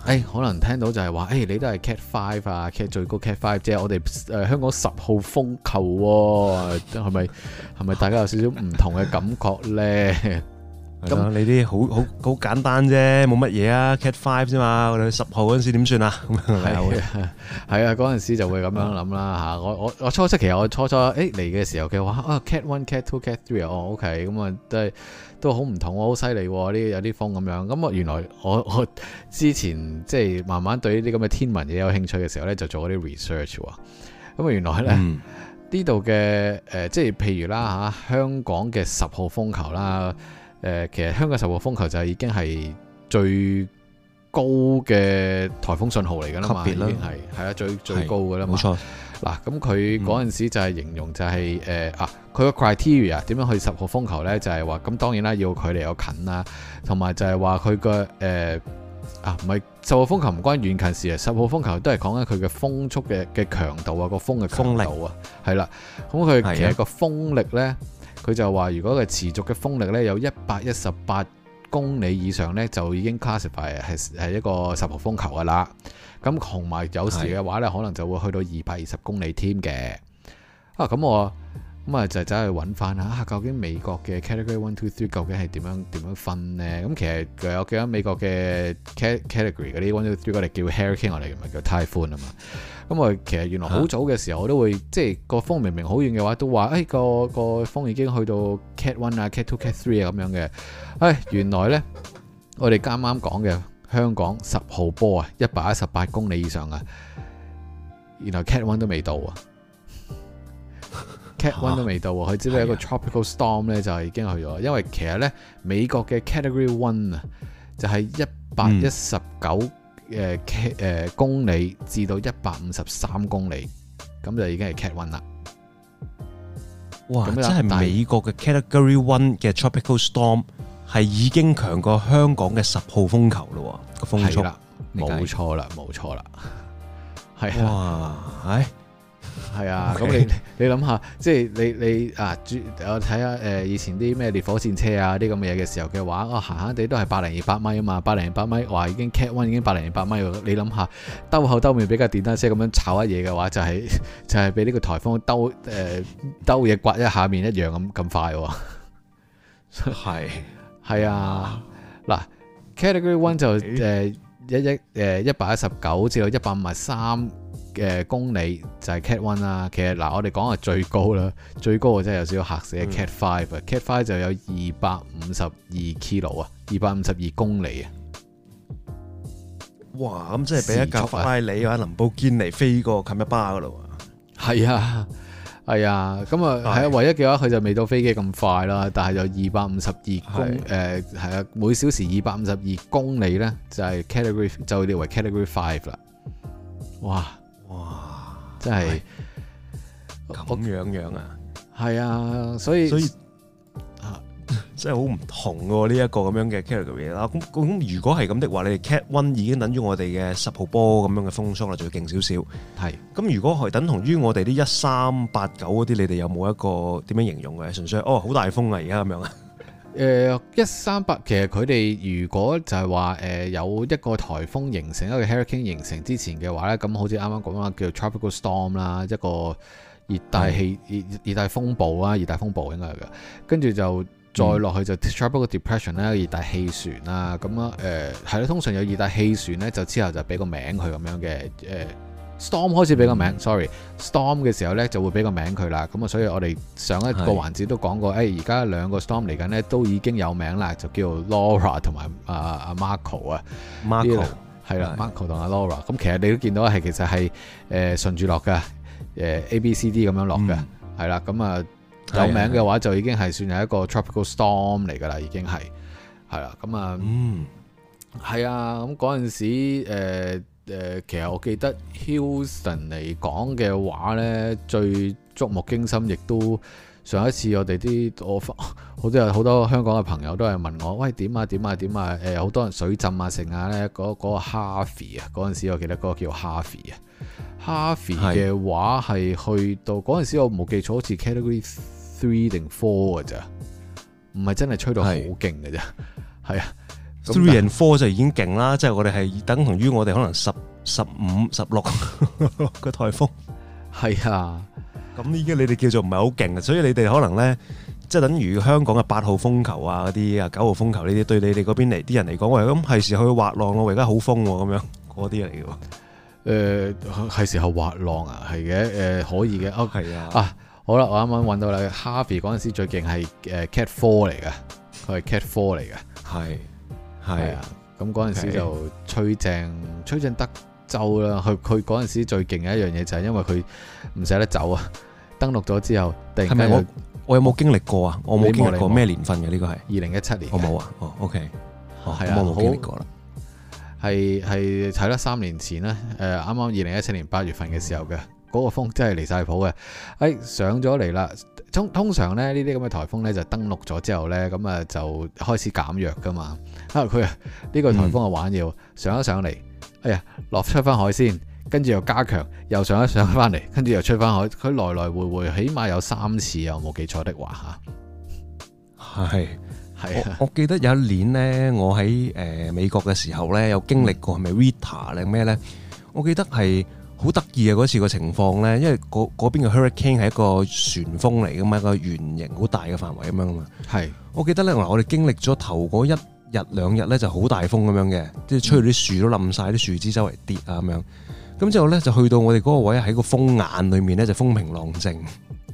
誒、哎，可能聽到就係話，誒、哎，你都係 cat five 啊，cat 最高 cat five 啫。我哋香港十號風球喎、啊，係咪係咪大家有少少唔同嘅感覺咧？咁、 啊、你啲好好好簡單啫，冇乜嘢啊，cat five 啫嘛。我哋十號嗰陣時點算 啊？係啊，係啊，嗰陣時就會咁樣諗啦嚇 我我我初七其實我初初誒嚟嘅時候嘅話，啊 cat one cat two cat three ok 咁啊都係。Okay, 嗯嗯嗯嗯嗯嗯都好唔同喎，好犀利喎，呢啲有啲風咁樣。咁啊，原來我我之前即係慢慢對呢啲咁嘅天文嘢有興趣嘅時候呢，就做嗰啲 research 喎。咁啊，原來咧呢度嘅誒，即係譬如啦嚇，香港嘅十號風球啦，誒、呃，其實香港十號風球就已經係最高嘅颱風信號嚟㗎啦嘛，已經係係啊最最高㗎啦。冇錯，嗱、啊，咁佢嗰陣時就係形容就係、是、誒、嗯、啊。佢個 criteria 點樣去十號風球呢？就係話咁當然啦，要距離又近啦，同埋就係話佢嘅誒啊，唔係十號風球唔關遠近事啊！十號風球都係講緊佢嘅風速嘅嘅強度啊，個風嘅強度啊，係啦。咁佢其實個風力呢，佢就話如果佢持續嘅風力呢，有一百一十八公里以上呢，就已經 classify 係係一個十號風球㗎喇。咁同埋有時嘅話呢，可能就會去到二百二十公里添嘅。啊，咁我。咁啊，就走去揾翻下，究竟美國嘅 category one two three 究竟係點樣點樣分咧？咁其實我記得美國嘅 category 嗰啲 one two three，我哋叫 hurricane，我哋唔係叫 typhoon 啊嘛。咁啊，其實原來好早嘅時候我都會，即係個風明明好遠嘅話，都話誒，個個風已經去到 cat one 啊，cat two cat three 啊咁樣嘅。唉，原來呢，我哋啱啱講嘅香港十號波啊，一百一十八公里以上啊，原來 cat one 都未到啊！Cat One 都未到喎，佢只係一個 Tropical Storm 咧，就已經去咗。因為其實咧，美國嘅 Category One 啊，就係一百一十九誒 K 公里至到一百五十三公里，咁、嗯嗯、就已經係 Cat One 啦。哇！咁即係美國嘅 Category One 嘅 Tropical Storm 係已經強過香港嘅十號風球咯，個風速冇錯啦，冇錯啦，係啊， 唉。係啊，咁、okay. 你你諗下，即係你你啊，我睇下誒，以前啲咩烈火戰車啊啲咁嘅嘢嘅時候嘅話，我閒閒地都係百零二百米啊嘛，百零二百米，話已經 CAT ONE 已經百零二百米，你諗下兜口兜面俾架電單車咁樣炒一下嘢嘅話、就係，就係就係俾呢個颱風兜誒、呃、兜嘢颳一下面一樣咁咁快喎。係係啊，嗱 是、啊 啊、，Category One 就誒一一誒一百一十九至到一百五十三。嘅公里就係 cat one 啦，其實嗱，我哋講下最高啦，最高嘅真係有少少嚇死啊、嗯、！cat five 啊，cat five 就有二百五十二 kilo 啊，二百五十二公里啊！哇，咁即係俾一架快、啊，你利或者林寶堅尼飛過琴巴嗰度，啊。係、嗯、啊，係啊，咁啊，係啊，唯一嘅話佢就未到飛機咁快啦，但係有二百五十二公，誒係啊，、呃、啊，每小時二百五十二公里咧，就係、是、category 就列為 category five 啦，哇！哇！真係咁樣樣啊，係啊，所以所以 啊，真係好唔同喎，呢一個咁樣嘅 category 啦。咁咁如果係咁的話，你哋 cat one 已經等於我哋嘅十號波咁樣嘅風霜啦，仲要勁少少。係，咁如果係等同於我哋啲一三八九嗰啲，你哋有冇一個點樣形容嘅？純粹哦，好大風啊，而家咁樣啊。誒、呃、，一三八其實佢哋如果就係話誒有一個颱風形成，一個 hurricane 形成之前嘅話呢，咁好似啱啱講啊，叫 tropical storm 啦，一個熱帶氣熱熱帶風暴啊，熱帶風暴應該係嘅。跟住就再落去就 tropical depression 啦，熱帶氣旋啦。咁啊誒係啦，通常有熱帶氣旋呢，就之後就俾個名佢咁樣嘅誒。呃 Storm 開始俾個名、嗯、sorry，Storm 嘅時候呢就會俾個名佢啦。咁啊，所以我哋上一個環節都講過，誒而家兩個 Storm 嚟緊呢都已經有名啦，就叫 Laura 同埋啊阿 Marco 啊，Marco 係啦，Marco 同阿 Laura。咁其實你都見到係其實係誒順住落嘅，誒、呃、A B C D 咁樣落嘅，係、嗯、啦。咁啊有名嘅話就已經係算係一個 Tropical Storm 嚟㗎啦，已經係係啦。咁啊，啊，嗯，係啊。咁嗰陣時誒誒、呃，其實我記得 Houston 嚟講嘅話呢，最觸目驚心，亦都上一次我哋啲我好多好多香港嘅朋友都係問我，喂，點啊點啊點啊，誒好、啊呃、多人水浸啊剩下呢嗰嗰個 Harvey 啊，嗰陣、那個、時我記得嗰個叫 Harvey, Harvey 啊 Harvey 嘅話係去到嗰陣時我冇記錯，好似 Category Three 定 Four 咋，唔係真係吹到好勁嘅啫，係啊。three and four 就已經勁啦，即係、就是、我哋係等同於我哋可能十十五十六個颱風，係啊。咁已經你哋叫做唔係好勁，所以你哋可能咧，即、就、係、是、等於香港嘅八號風球啊，嗰啲啊九號風球呢啲，對你哋嗰邊嚟啲人嚟講，喂，咁係時候去滑浪咯。而家好風咁、啊、樣嗰啲嚟嘅，誒係、呃、時候滑浪啊，係嘅，誒、呃、可以嘅，係、okay，啊啊好啦，我啱啱搵到啦，Harvey 嗰陣時最勁係誒 cat four 嚟嘅，佢係 cat four 嚟嘅，係。係啊，咁嗰陣時就崔正崔正德州啦，佢佢嗰陣時最勁嘅一樣嘢，就係因為佢唔捨得走啊，登錄咗之後，係咪我我有冇經歷過啊？我冇經歷過，咩年份嘅呢，個係二零一七年，我冇啊，哦，OK，係啊，冇經歷過啦，係係睇啦，三年前咧，誒啱啱二零一七年八月份嘅時候嘅。嗰、那個風真係離晒譜嘅，哎上咗嚟啦。通通常咧呢啲咁嘅颱風咧就登陸咗之後咧，咁啊就開始減弱噶嘛。啊佢呢、這個颱風嘅玩嘢、嗯、上一上嚟，哎呀落出翻海先，跟住又加強，又上一上翻嚟，跟住又出翻海。佢來來回回，起碼有三次啊！我冇記錯的話嚇，係係啊我！我記得有一年咧，我喺誒、呃、美國嘅時候咧，有經歷過係咪、嗯、Rita 定咩咧？我記得係。好得意啊！嗰次個情況咧，因為嗰邊嘅 hurricane 係一個旋風嚟噶嘛，一個圓形好大嘅範圍咁樣啊嘛。係，我記得咧，嗱，我哋經歷咗頭嗰一日兩日咧，就好大風咁樣嘅，即係吹到啲樹都冧晒，啲樹枝周圍跌啊咁樣。咁之後咧，就去到我哋嗰個位喺個風眼裏面咧，就風平浪靜。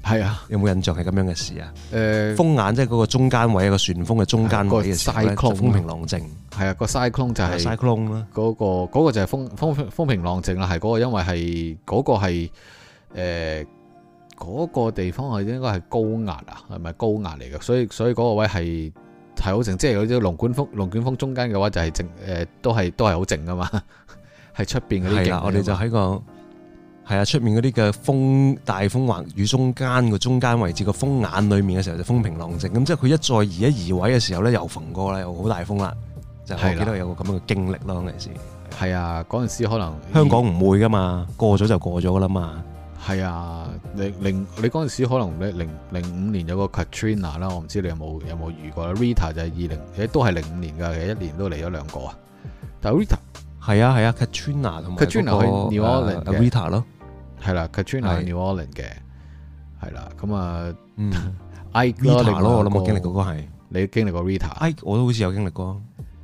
係啊，有冇印象係咁樣嘅事啊？誒、呃，風眼即係嗰個中間位，嗰個旋風嘅中間位嘅時候咧、啊那個、就風平浪靜。係啊，個 cyclone 就係嗰個嗰個就係風風風平浪靜啦。係嗰個，因為係嗰個係誒嗰個地方係應該係高壓啊，係咪高壓嚟嘅？所以所以嗰個位係係好靜，即係好似龍捲風龍捲風中間嘅話就係靜誒，都係都係好靜噶嘛。係出邊嗰啲我哋就喺個係啊，出面嗰啲嘅風大風橫雨，中間嘅中間位置個風眼裏面嘅時候就風平浪靜。咁即係佢一再移一移位嘅時候咧，又逢過啦，又好大風啦。係啦，有個咁樣嘅經歷咯嗰陣時，係啊，嗰陣時可能香港唔會㗎嘛，過咗就過咗啦嘛。係啊，零零你嗰陣時可能你零零零五年有個 Katrina 啦，我唔知你有冇有冇遇過。Rita 就係二零，都係零五年㗎，一年都嚟咗兩個，但係 Rita，係、嗰個、啊。但 Rita 係啊係啊，Katrina 同 Katrina 去 New Orleans 嘅 Rita 咯，係啦，Katrina New Orleans 嘅係啦，咁啊，I Rita 咯，我諗我經歷過嗰個係， 你經歷過 Rita？哎，我都好似有經歷過。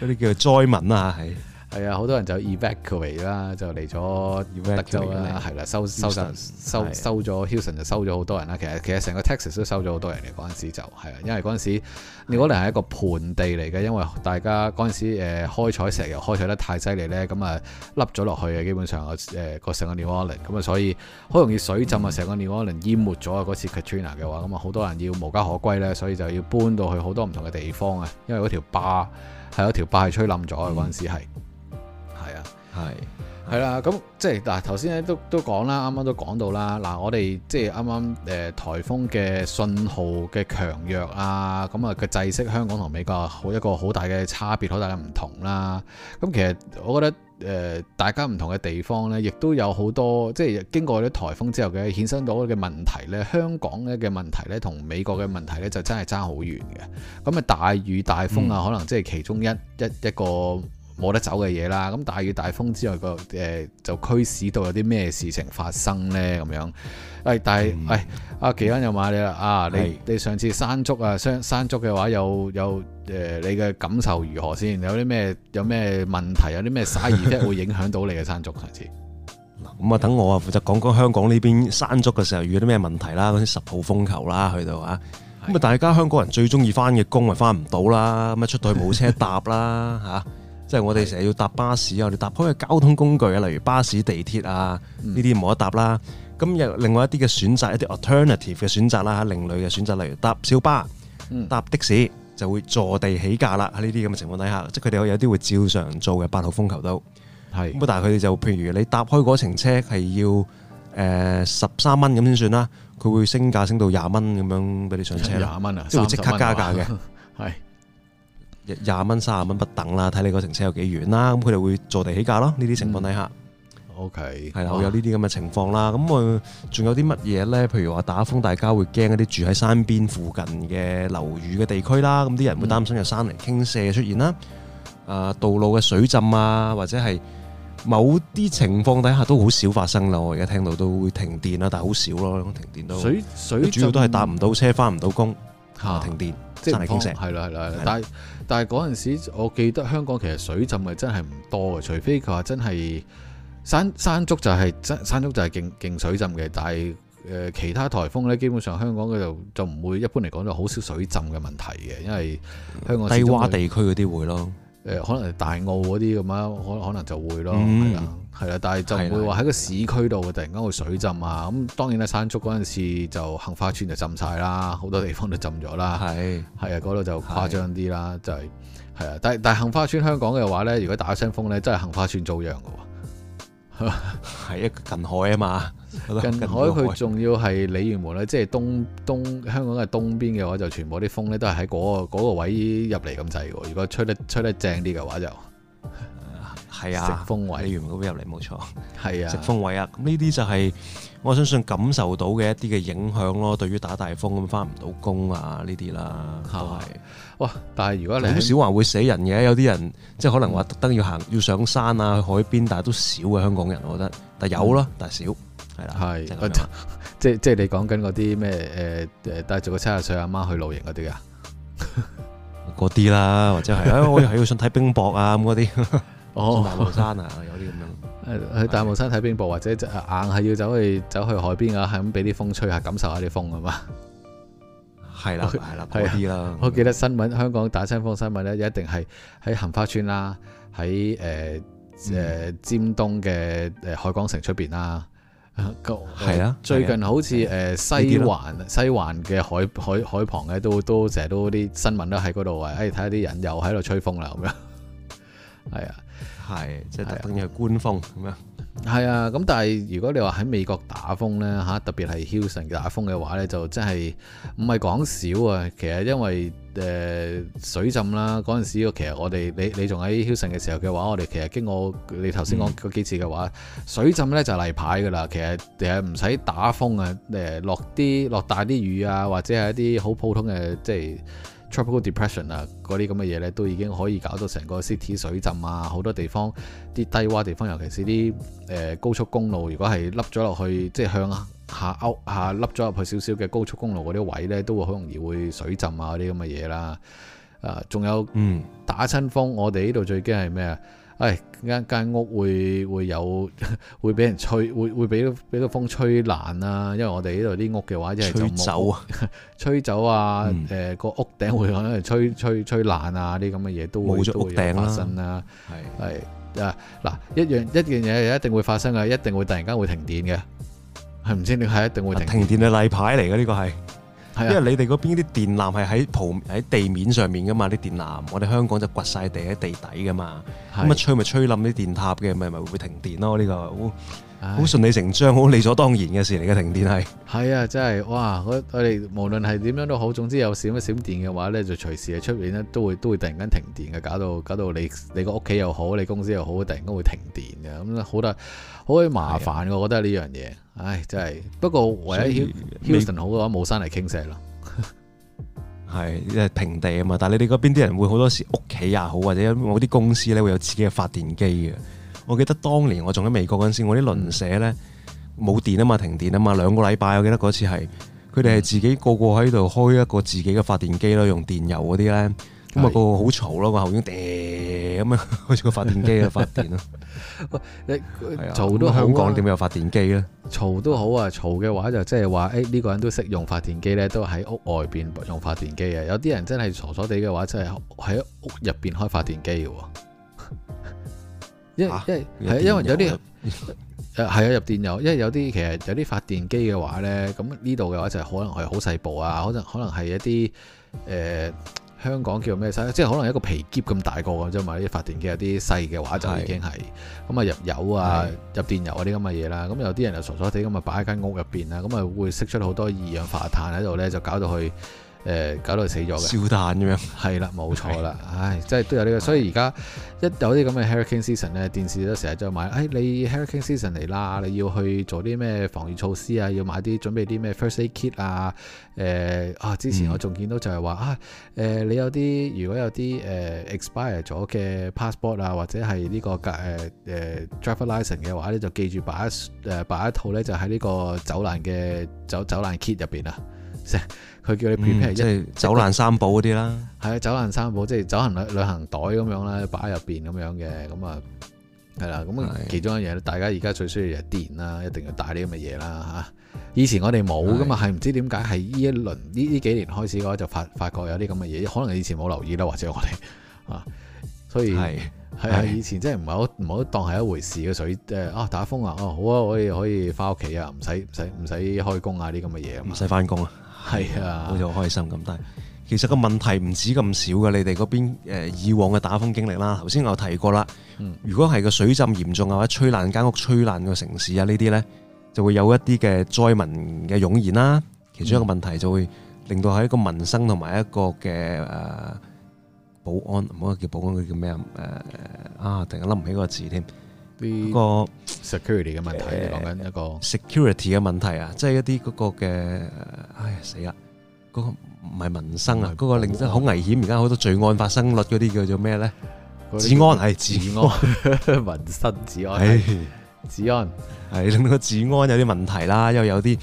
嗰啲叫做災民啊，嚇，係啊，好多人就 evacuate 啦，就嚟咗德州啦，係啦，收 Houston，收神收收咗 Houston 就收咗好多人啦。其實其實成個 Texas 都收咗好多人嚟。嗰陣時就係啊，因為嗰陣時 New Orleans 係一個盆地嚟嘅，因為大家嗰陣時誒、呃、開採石油開採得太犀利咧，咁啊凹咗落去嘅基本上誒個成個 New Orleans 咁、嗯、啊，所以好容易水浸啊，成、嗯、個 New Orleans 淹沒咗啊。嗰次 Katrina 嘅話，咁啊好多人要無家可歸咧，所以就要搬到去好多唔同嘅地方啊，因為嗰條壩。是一係有條柏係吹冧咗啊！嗰陣時係，係啊，係、嗯嗯，係啦。咁即係嗱，頭先咧都都講啦，啱啱都講到啦。嗱，我哋即係啱啱誒颱風嘅信號嘅強弱啊，咁啊嘅制式，香港同美國好一個好大嘅差別，好大嘅唔同啦。咁其實我覺得。誒、呃，大家唔同嘅地方呢，亦都有好多即係經過啲颱風之後嘅衍生到嘅問題呢，香港呢嘅問題呢，同美國嘅問題呢，就真係爭好遠嘅。咁啊，大雨大風啊，可能即係其中一一、嗯、一個冇得走嘅嘢啦。咁大雨大風之後個誒，就驅使到有啲咩事情發生呢？咁樣。誒，但、嗯、係，喂、哎，阿、啊、技安又問你啦，啊，你你上次山竹啊，山竹嘅話又，有有誒、呃，你嘅感受如何先？有啲咩有咩問題？有啲咩嘥？而且會影響到你嘅山竹上次嗱，咁 啊、嗯，等我啊負責講講香港呢邊山竹嘅時候，遇到啲咩問題啦？嗰、嗯、啲十號風球啦，去到啊，咁啊，大家香港人最中意返嘅工啊，返唔到啦，咁啊，出到去冇車搭啦，吓、 啊，即、就、係、是、我哋成日要搭巴士啊，我哋搭開嘅交通工具啊，例如巴士、地鐵啊，呢啲冇得搭啦。咁又另外一啲嘅選擇，一啲 alternative 嘅選擇啦嚇，另類嘅選擇，例如搭小巴、搭的士，就會坐地起價啦。喺呢啲咁嘅情況底下，即係佢哋有啲會照常做嘅八號風球都係。但係佢哋就譬如你搭開嗰程車係要誒十三蚊咁先算啦，佢會升價升到廿蚊咁樣俾你上車啦，啊、會即係即刻加價嘅。係廿蚊、三十蚊不等啦，睇你嗰程車有幾遠啦。咁佢哋會坐地起價咯。呢啲情況底下。嗯嗯 O K，係啦，有，這些有些呢啲咁嘅情況啦。咁啊，仲有啲乜嘢咧？譬如話打風，大家會驚一啲住喺山邊附近嘅樓宇嘅地區啦。咁啲人會擔心有山泥傾瀉出現啦。啊、嗯，道路嘅水浸啊，或者係某啲情況底下都好少發生咯。我而家聽到都會停電啊，但係好少咯，停電都水水主要都係搭唔到車，翻唔到工，吓、啊、停電，即係傾瀉。係啦係啦，但係但係嗰陣時我記得香港其實水浸係真係唔多嘅，除非佢話真係。山山竹就係、是、山，山竹就係勁勁水浸嘅，但係誒、呃、其他颱風咧，基本上香港嗰度就唔會一般嚟講就好少水浸嘅問題嘅，因為香港低洼地區嗰啲會咯、呃，誒可能是大澳嗰啲咁樣，可可能就會咯，係、嗯、啦但係就唔會話喺個市區度突然間會水浸啊。咁當然咧，山竹嗰陣時就杏花村就浸晒啦，好多地方都浸咗啦，係係啊，嗰度就誇張啲啦，就係係啊，但係杏花村香港嘅話呢，如果打一聲風呢，真係杏花村遭殃嘅喎。係 一近海啊嘛，近海佢仲要係鯉魚門咧，即係東東香港嘅東邊嘅話，就全部啲風咧都係喺嗰嗰個位入嚟咁滯嘅。如果吹得吹得正啲嘅話就。係啊，食風位，你原本嗰邊入嚟冇錯，係啊，食風位啊，咁呢啲就係我相信感受到嘅一啲嘅影響咯，對於打大風咁翻唔到工啊呢啲啦，係、啊、哇，但係如果你好少話會死人嘅，有啲人，有些人即係可能話特登要行要上山啊，去海邊，但係都少嘅、啊、香港人，我覺得，但係有咯、嗯，但係少係啦，係、啊就是啊就是、 即即係你講緊嗰啲咩誒誒，帶住個七十歲阿媽去露營嗰啲啊，嗰 啲啦，或者係啊、 哎，我又係要想睇冰雹啊咁嗰啲。那些 哦，大帽山啊，有啲咁樣。誒，去大帽山睇邊部的，或者硬係要走去走去海邊啊，係咁俾啲風吹下，感受下啲風啊嘛。係啦，係啦，嗰啲啦。我記得新聞，的香港打親風新聞咧，一定係喺杏花村啦，喺誒誒尖東嘅誒海港城出邊啦。係、嗯、啊，最近好似誒西環西環嘅海海海旁嘅都都成日都啲新聞都喺嗰度話，誒睇下啲人又喺度吹風啦咁樣。係啊。 係，即係特登要颳風咁、啊、樣。係啊，咁但係如果你話喺美國打風咧，吓特別係 Houston 打風嘅話咧，就真係唔係講少啊。其實因為誒、呃、水浸啦，嗰陣時其實我哋你你仲喺 Houston 嘅時候嘅話，我哋其實經過你頭先講嗰幾次嘅話、嗯，水浸咧就例牌噶啦。其實其實唔使打風啊，誒落啲落大啲雨啊，或者係一啲好普通嘅即係。Tropical depression 啊，嗰啲咁嘅嘢咧，都已經可以搞到成個 city 水浸啊！好多地方啲低洼地方，尤其是啲誒高速公路，如果係凹咗落去，即係向下凹、下凹咗入去少少嘅高速公路嗰啲位咧，都會好容易會水浸啊！嗰啲咁嘅嘢啦，啊，仲有嗯打親風，我哋呢度最驚係咩啊？誒，間間屋會會有會俾人吹，會會俾俾個風吹爛啊！因為我哋呢度啲屋嘅話，一係就木，吹走啊！吹走啊！誒，個屋頂會可能吹吹吹爛啊！啲咁嘅嘢都會發生啦。係係啊，嗱，一樣一件嘢一定會發生嘅，一定會突然間會停電嘅。係唔知你係一定會停電嘅，例牌嚟嘅呢個係。啊、因為你哋嗰邊啲電纜係喺喺地面上面噶嘛，啲電纜，我哋香港就掘晒地喺地底噶嘛，咁、啊、一吹咪吹冧啲電塔嘅，咪咪會唔會停電咯？呢、這個好，好順、啊、理成章，好理所當然嘅事嚟嘅，停電係。係啊，真係，哇！我哋無論係點樣都好，總之有閃一閃電嘅話咧，就隨時喺出面咧都會都會，都會突然間停電嘅，搞到搞到你你個屋企又好，你公司又好，突然間會停電嘅，咁好得好鬼麻煩嘅、啊，我覺得呢樣嘢。唉，真係不過唯一，Houston 好嘅話冇山嚟傾斜咯。係，因為平地啊嘛。但係你哋嗰邊啲人會好多時屋企也好，或者某啲公司咧會有自己嘅發電機嘅。我記得當年我仲喺美國嗰陣時，我啲鄰舍咧冇電啊嘛，停電啊嘛，兩個禮拜。我記得嗰次係佢哋係自己個個喺度開一個自己嘅發電機咯，用電油嗰啲咧。咁、那個、啊，個好嘈咯！個後邊掟咁啊，好似個發電機咧發電咯。你嘈都香港點有發電機咧？嘈都好啊！嘈嘅話就即係話，誒、欸、呢、這個人都識用發電機咧，都喺屋外邊用發電機啊！有啲人真係傻傻地嘅話，真係喺屋入邊開發電機嘅喎、啊。因因為係因為有啲誒係啊入電油，因為有啲其實有啲發電機嘅話咧，咁呢度嘅話就可能係好細部啊，可能可能係一啲誒。呃香港叫咩西？即係可能一個皮篋咁大個咁啫嘛，啲發電機有啲細嘅話就已經係咁啊，咁入油啊，入電油啊啲咁嘅嘢啦。咁有啲人又傻傻地咁啊，擺喺間屋入邊啦，咁啊會釋出好多二氧化碳喺度咧，就搞到去。誒搞到死咗嘅，燒彈咁樣，係啦，冇錯啦，唉，即係都有呢、呢個，所以而家一有啲咁嘅 Hurricane Season 咧，電視都成日就買誒、哎，你 Hurricane Season 嚟啦，你要去做啲咩防御措施啊？要買啲準備啲咩 First Aid Kit 啊？誒、呃、啊！之前我仲見到就係話，誒、嗯啊呃，你有啲如果有啲、呃、expired 咗嘅 passport 啊，或者係呢、呢個 driver、呃、license 嘅話咧，你就記住擺一誒擺一套咧，就喺呢個走難嘅走走難 kit 入邊啊！佢叫你偏偏、嗯、即係走難三寶嗰啲啦，係啊，走難三寶即係走行旅行袋咁樣啦，擺喺入邊咁樣嘅，咁啊係啦，咁其中一樣咧，大家而家最需要就電啦，一定要帶啲咁嘅嘢啦吓。以前我哋冇噶嘛，係唔知點解係呢一輪呢呢幾年開始嘅話，就發發覺有啲咁嘅嘢，可能以前冇留意啦，或者我哋啊，所以係係啊，以前真係唔好唔好當係一回事嘅水，誒啊，打風啊，哦好啊，我哋可以翻屋企啊，唔使唔使唔使開工啊，啲咁嘅嘢唔使翻工啊。不用係啊，好似好開心咁，但係其實個問題唔止咁少噶，你哋嗰邊誒以往嘅打風經歷啦，頭先我提過啦，如果係個水浸嚴重啊，或者吹爛間屋，吹爛個城市啊呢啲咧，就會有一啲嘅災民嘅湧現啦。其中一個問題就會令到喺一個民生同埋一個嘅誒保安，唔好叫保安，佢叫咩啊？誒啊，突然間諗唔起個字添。啲、那個 security 嘅問題，講、啊、緊一個 security 嘅問題啊，即係一啲嗰個嘅，唉死啦，嗰、那個唔係民生啊，嗰、啊那個令得好危險，而家好多罪案發生率嗰啲叫做咩咧？治安係治安，治安 民生治安治安，係令到個治安有啲問題啦，又 有啲。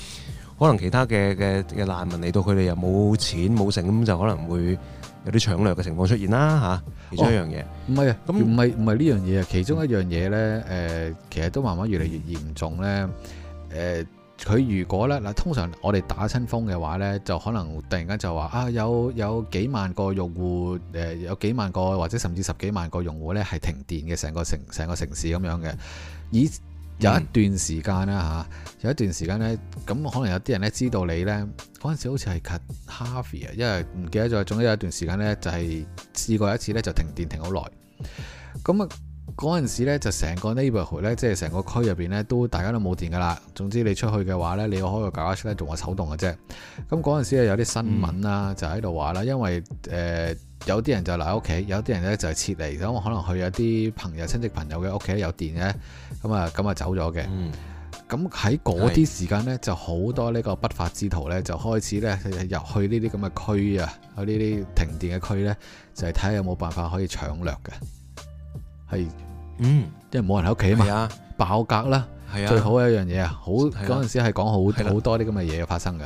可能其他嘅嘅嘅難民嚟到他們沒錢沒，佢哋又冇錢冇剩，咁就可能會有啲搶掠嘅情況出現啦嚇。其中一樣嘢，唔係啊，咁唔係唔係呢樣嘢啊。其中一樣嘢咧，誒、呃，其實都慢慢越嚟越嚴重咧。誒、呃，佢如果咧嗱，通常我哋打親風嘅話咧，就可能突然間就話啊，有有幾萬個用戶，誒，有幾萬個或者甚至十幾萬個用戶咧，係停電嘅成個城成個城市咁樣嘅，以。有一段時間啦，有一段時間，咁、嗯啊、可能有啲人知道你呢。嗰時好似係 cut Harvey 啊，因為唔記得咗。總之有一段時間呢，就係、是、試過一次呢，就停電停好耐，咁啊嗰陣時咧就成個 neighborhood 即係成個區入邊呢，都大家都冇電噶啦。總之你出去嘅話呢，你要開個 gas 呢，仲係手動嘅啫。咁嗰陣時有啲新聞啦、嗯、就喺度話啦，因為、呃有啲人就留喺屋企，有啲人咧就係撤離，咁我可能去有啲朋友、親戚、朋友嘅屋企有電嘅，咁啊咁啊走咗嘅。咁喺嗰啲時間咧，就好多呢個不法之徒咧，就開始咧入去呢啲咁嘅區啊，去呢啲停電嘅區咧，就係睇下有冇辦法可以搶掠嘅。係，嗯，因為冇人喺屋企啊嘛，爆格啦，係啊，最好嘅一樣嘢啊，好嗰陣時係講好好多啲咁嘅嘢發生嘅。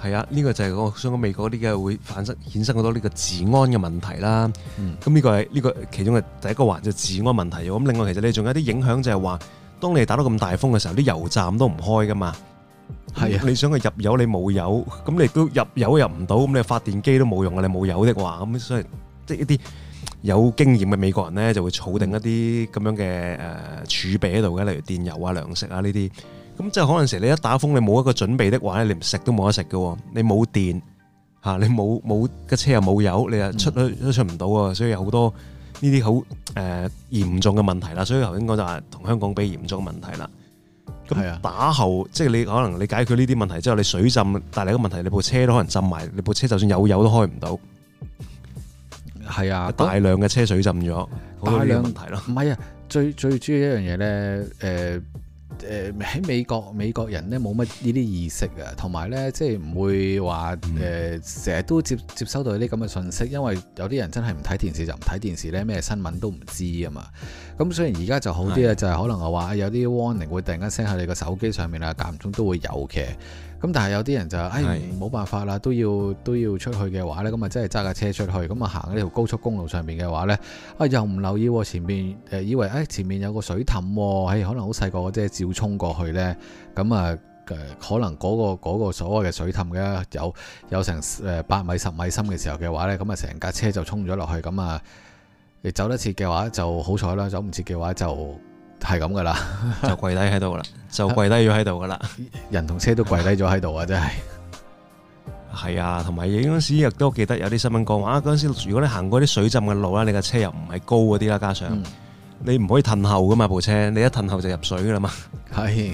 係啊，呢、這個就係講，所以美國呢嘅會產生衍生好多呢個治安嘅問題啦。咁、嗯、呢個係呢、這個其中嘅第一個環就係治安問題。咁另外，其實你仲有啲影響就係話，當你打到咁大風嘅時候，啲油站都唔開噶嘛。係啊，你想去入油你冇油，咁你都入油入唔到，咁你發電機都冇用你冇油的話，咁所以即係、就是、一啲有經驗嘅美國人呢，就會儲定一啲咁樣嘅誒儲備喺度嘅，例如電油啊、糧食啊呢啲。咁即係可能時你一打風，你冇一個準備的話咧，你連食都冇得食嘅。你冇電吓，你冇冇個車又冇油，你又出去都出唔到啊！所以有好多呢啲好誒嚴重嘅問題啦。所以頭先講就係同香港比嚴重嘅問題啦。咁打後即係你可能你解決呢啲問題之後，你水浸，但係一個問題，你部車都可能浸埋，你部車就算有油都開唔到。係啊，大量嘅車水浸咗，大量問題咯。唔係啊，最最主要一樣嘢咧，誒。誒、呃、喺美國，美國人咧冇乜呢啲意識啊，同埋咧即係唔會話誒成日都接接收到啲咁嘅信息，因為有啲人真係唔睇電視就唔睇電視咧，咩新聞都唔知啊嘛。咁雖然而家就好啲啊，就係、是、可能我話有啲 warning 會突然間 send 喺你個手機上面啦，間中都會有嘅。咁但係有啲人就誒冇辦法啦，都要都要出去嘅話呢。咁啊真係揸架車出去，咁啊行喺呢條高速公路上面嘅話呢，啊、哎、又唔留意喎，前面誒、呃、以為誒、哎、前面有個水凼喎、哎，可能好細個，即係照衝過去呢。咁啊誒可能嗰、嗰個嗰個所謂嘅水凼嘅有有成誒八、呃、米十米深嘅時候嘅話呢，咁啊成架車就衝咗落去，咁啊你走得切嘅話就好彩啦，走唔切嘅話就。係咁噶啦，就跪低喺度啦，就跪低咗喺度噶啦，人同車都跪低咗喺度啊！真係，係啊，同埋嗰陣時亦都記得有啲新聞講話，嗰、啊、陣時如果你行過啲水浸嘅路啦，你架車又唔係高嗰啲啦，加上、嗯、你唔可以褪後噶嘛，部車你一褪後就入水噶啦嘛，係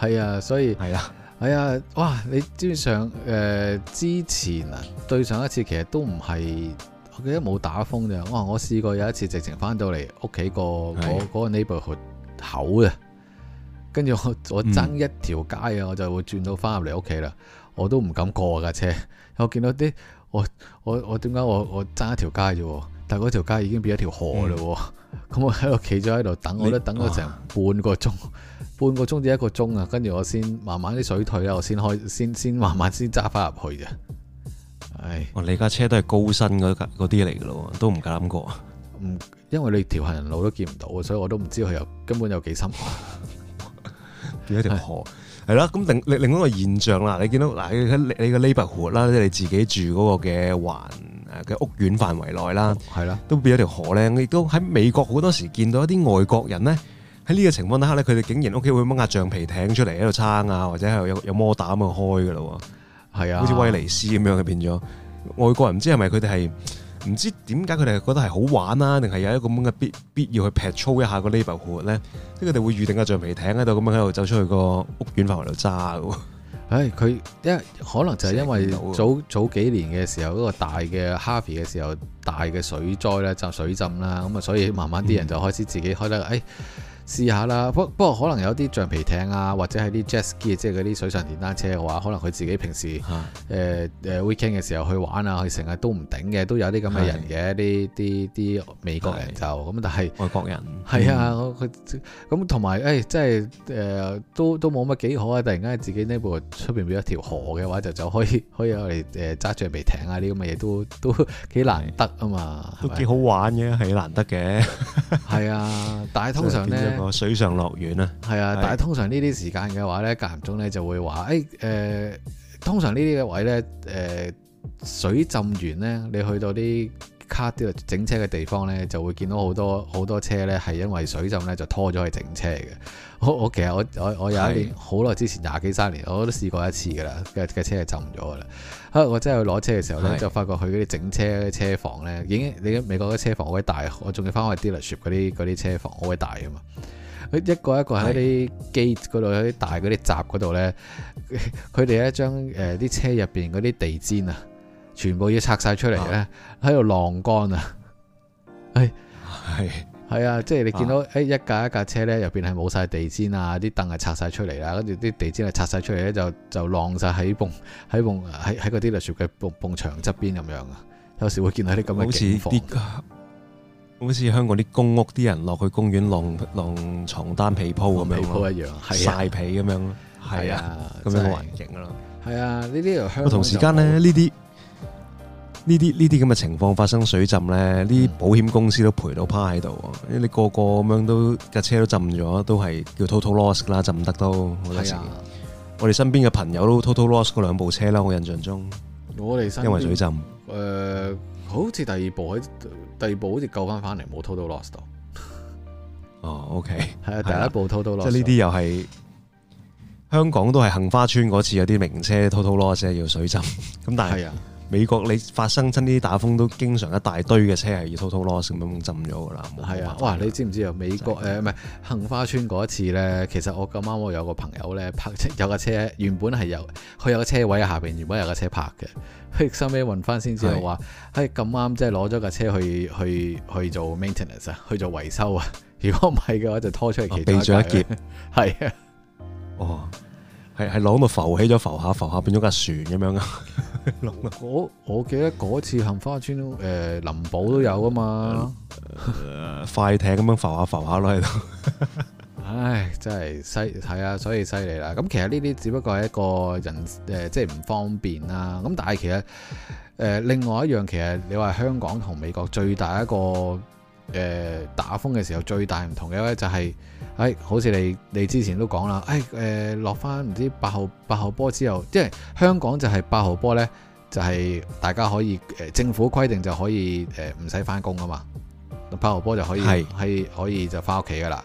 係啊，所以係啊，係啊，哇！你知上、呃、之前誒之前啊，對上一次其實都唔係。我記得冇打風咋，我我試過有一次直情翻到嚟屋企個嗰個 neighborhood 口啊，跟住我我爭一條街啊，我就會轉到翻入嚟屋企啦。我都唔敢過架車，我見到啲我我我點解我我爭一條街啫？但係嗰條街已經變成一條河啦。咁 我喺度企咗喺度等，我都等咗成半個鐘，啊，半個鐘至一個鐘啊。跟住我先慢慢啲水退啦，我先開先先慢慢先揸翻入去啫。唉，哦、你架車都係高身嗰啲嚟噶咯，都唔敢過。唔，因為你條行人路都見唔到，所以我都唔知佢有根本有幾深。 變咗條河，係啦。咁另另外一個現象啦，你見到嗱，你個 neighborhood 啦，即係自己住嗰個嘅環誒嘅屋苑範圍內啦，係啦，都變咗條河咧。亦都喺美國好多時見到一啲外國人咧，喺呢個情況下咧，佢哋竟然屋企會掹下橡皮艇出嚟喺度撐啊，或者係有有摩打咁去開噶咯。係啊，好似威尼斯咁樣嘅變咗，外國人唔知係咪佢哋係唔知點解佢哋係覺得係好玩啊，定係有一個咁嘅必必要去劈 e 操一下個 river 咧？即係佢哋會預定架橡皮艇喺度咁樣喺度走出去個屋苑範圍度揸嘅，唉，佢因為可能就係因為早早幾年嘅時候嗰、那個大嘅 Harvey 嘅時候大嘅水災咧，就水浸啦，咁啊，所以慢慢啲人就開始自己開得唉。嗯哎試下啦，不不過可能有啲橡皮艇啊，或者係啲 jet ski，即係嗰啲水上電單車嘅話，可能佢自己平時、呃、weekend 嘅時候去玩啊，佢成日都唔頂嘅，都有啲咁嘅人嘅，啲啲啲美國人就咁，但係外國人係啊，佢咁同埋誒，即係、哎呃、都都冇乜幾好啊！突然間自己呢部出面有一條河嘅話，就就可以可以攞嚟揸橡皮艇啊，啲咁嘅嘢都都幾難得啊嘛，都幾好玩嘅，係難得嘅，係啊，但係通常咧。就是個水上樂園啊，係啊，啊！但係通常呢啲時間嘅話呢間唔、啊、中咧就會話，誒、欸、誒、呃，通常呢啲嘅位呢，誒、呃、水浸完呢，你去到啲卡啲整車嘅地方呢，就會見到好多好多車呢，係因為水浸呢就拖咗去整車嘅。我我其實我我我有一年好耐之前廿幾三年，我都試過一次噶啦，架嘅車係浸咗噶啦。啊，我真係去攞車嘅時候咧，就發覺佢嗰啲整車嗰車房咧，已經你美國啲車房好鬼大，我仲要翻去 dealership 嗰啲嗰啲車房好鬼大啊嘛。佢一個一個喺啲 gate 嗰度，喺啲大嗰啲閘嗰度咧，佢哋喺將誒啲車入邊嗰啲地氈啊，全部要拆晒出嚟咧，喺度晾乾啊。係、 哎。係啊，即係你見到誒一架一架車咧，入邊係冇晒地氈啊，啲凳係拆晒出嚟啊。跟住啲地氈係拆晒出嚟咧，就就晾晒喺喺喺嗰啲嚟雪櫃埲埲牆側邊咁樣啊，有時會見到啲咁嘅景象。好似好似香港啲公屋啲人落去公園晾晾床單被鋪咁樣，被鋪一樣晒、啊、被咁樣，係啊，咁樣嘅環境咯，係啊，呢啲同香港同時間咧呢啲。呢啲呢啲咁嘅情況發生水浸咧，啲保險公司都賠到趴喺度，嗯、你個個咁樣都架車都浸咗，都係叫 total loss 啦，浸得都好多事。我哋、啊、身邊嘅朋友都 total loss 嗰兩部車啦，我印象中。我哋因為水浸，誒、呃，好似第二部喺第二部好似救翻翻嚟，冇 total loss 到、哦。哦，OK，係啊，啊，第一部 total loss，啊、loss 即呢啲又係香港都係杏花村嗰次有啲名車 total loss，要水浸咁，但係。美國你發生親啲打風都經常一大堆嘅車係要 total loss 咁浸咗噶啦，係啊！哇！你知唔知啊？美國誒唔係杏花村嗰一次咧，其實我咁啱我有個朋友咧，泊有架車，原本係有佢有個車位下邊原本有架車泊嘅。佢收尾運返先之後話，嘿咁啱即係攞咗架車去去去做 maintenance 啊，去做維修啊。如果唔係嘅話就拖出去其他架。避咗一劫，係 啊！哦。係係攞到浮起咗，浮下浮下，變咗架船咁樣啊！我我記得嗰次杏花村，誒、呃，林寶都有啊嘛、呃，快艇咁樣浮下浮下咯喺度。 唉，真係犀，係啊，所以犀利啦。咁其實呢啲只不過係一個人，誒、呃，即係唔方便啦。咁但係其實，誒、呃，另外一樣，其實你話香港同美國最大一個，誒、呃，打風嘅時候最大唔同嘅咧，就係、是。哎，好似你你之前都講啦，哎誒、呃、落翻唔知八號八號波之後，即係香港就係八號波咧，就係、是、大家可以誒、呃、政府規定就可以誒唔使翻工啊嘛，八號波就可以係可，可，可以就翻屋企噶啦。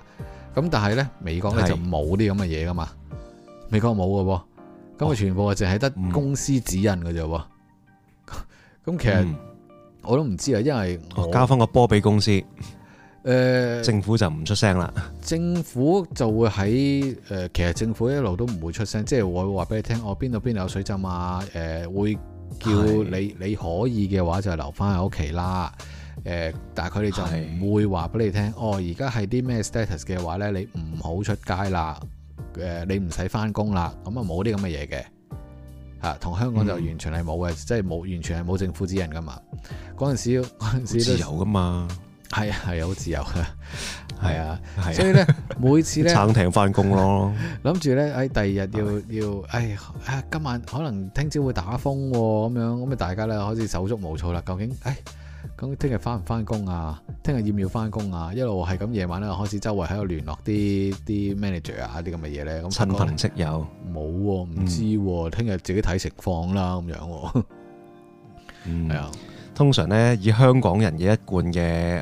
咁但係咧美國咧就冇啲咁嘅嘢噶嘛，美國冇嘅噃，咁佢全部淨係得公司指引噶咋喎。咁、嗯、其實我都唔知啊，因為我，我交翻個波俾公司。誒、呃、政府就唔出聲啦。政府就會喺誒、呃，其實政府一路都唔會出聲，即、就、係、是、我會話俾你聽，我邊度邊度有水浸啊？誒、呃、會叫你你可以嘅話就留翻喺屋企啦。誒、呃，但係佢哋就唔會話俾你聽，哦，而家係啲咩 status 嘅話咧，你唔好出街啦。誒、呃，你唔使翻工啦。咁啊冇啲咁嘅嘢嘅嚇，同香港就完全係冇嘅，即係冇完全係冇政府指引噶嘛。嗰陣時，嗰陣時都自由噶嘛。係啊係啊，好自由啊。係啊係啊，所以咧每次咧撐 艇翻工咯，諗住咧，哎第二日要是是要，哎今晚可能聽朝會打風喎、啊，咁樣咁咪大家咧開始手足無措啦。究竟，哎咁聽日翻唔翻工啊？聽日要唔要翻工啊？一路係咁夜晚咧開始周圍喺度聯絡啲啲 manager 啊啲咁嘅嘢咧，咁親朋戚友冇喎，唔、啊、知聽日、啊嗯、自己睇情況啦，咁樣，係啊。嗯通常咧以香港人嘅一貫嘅誒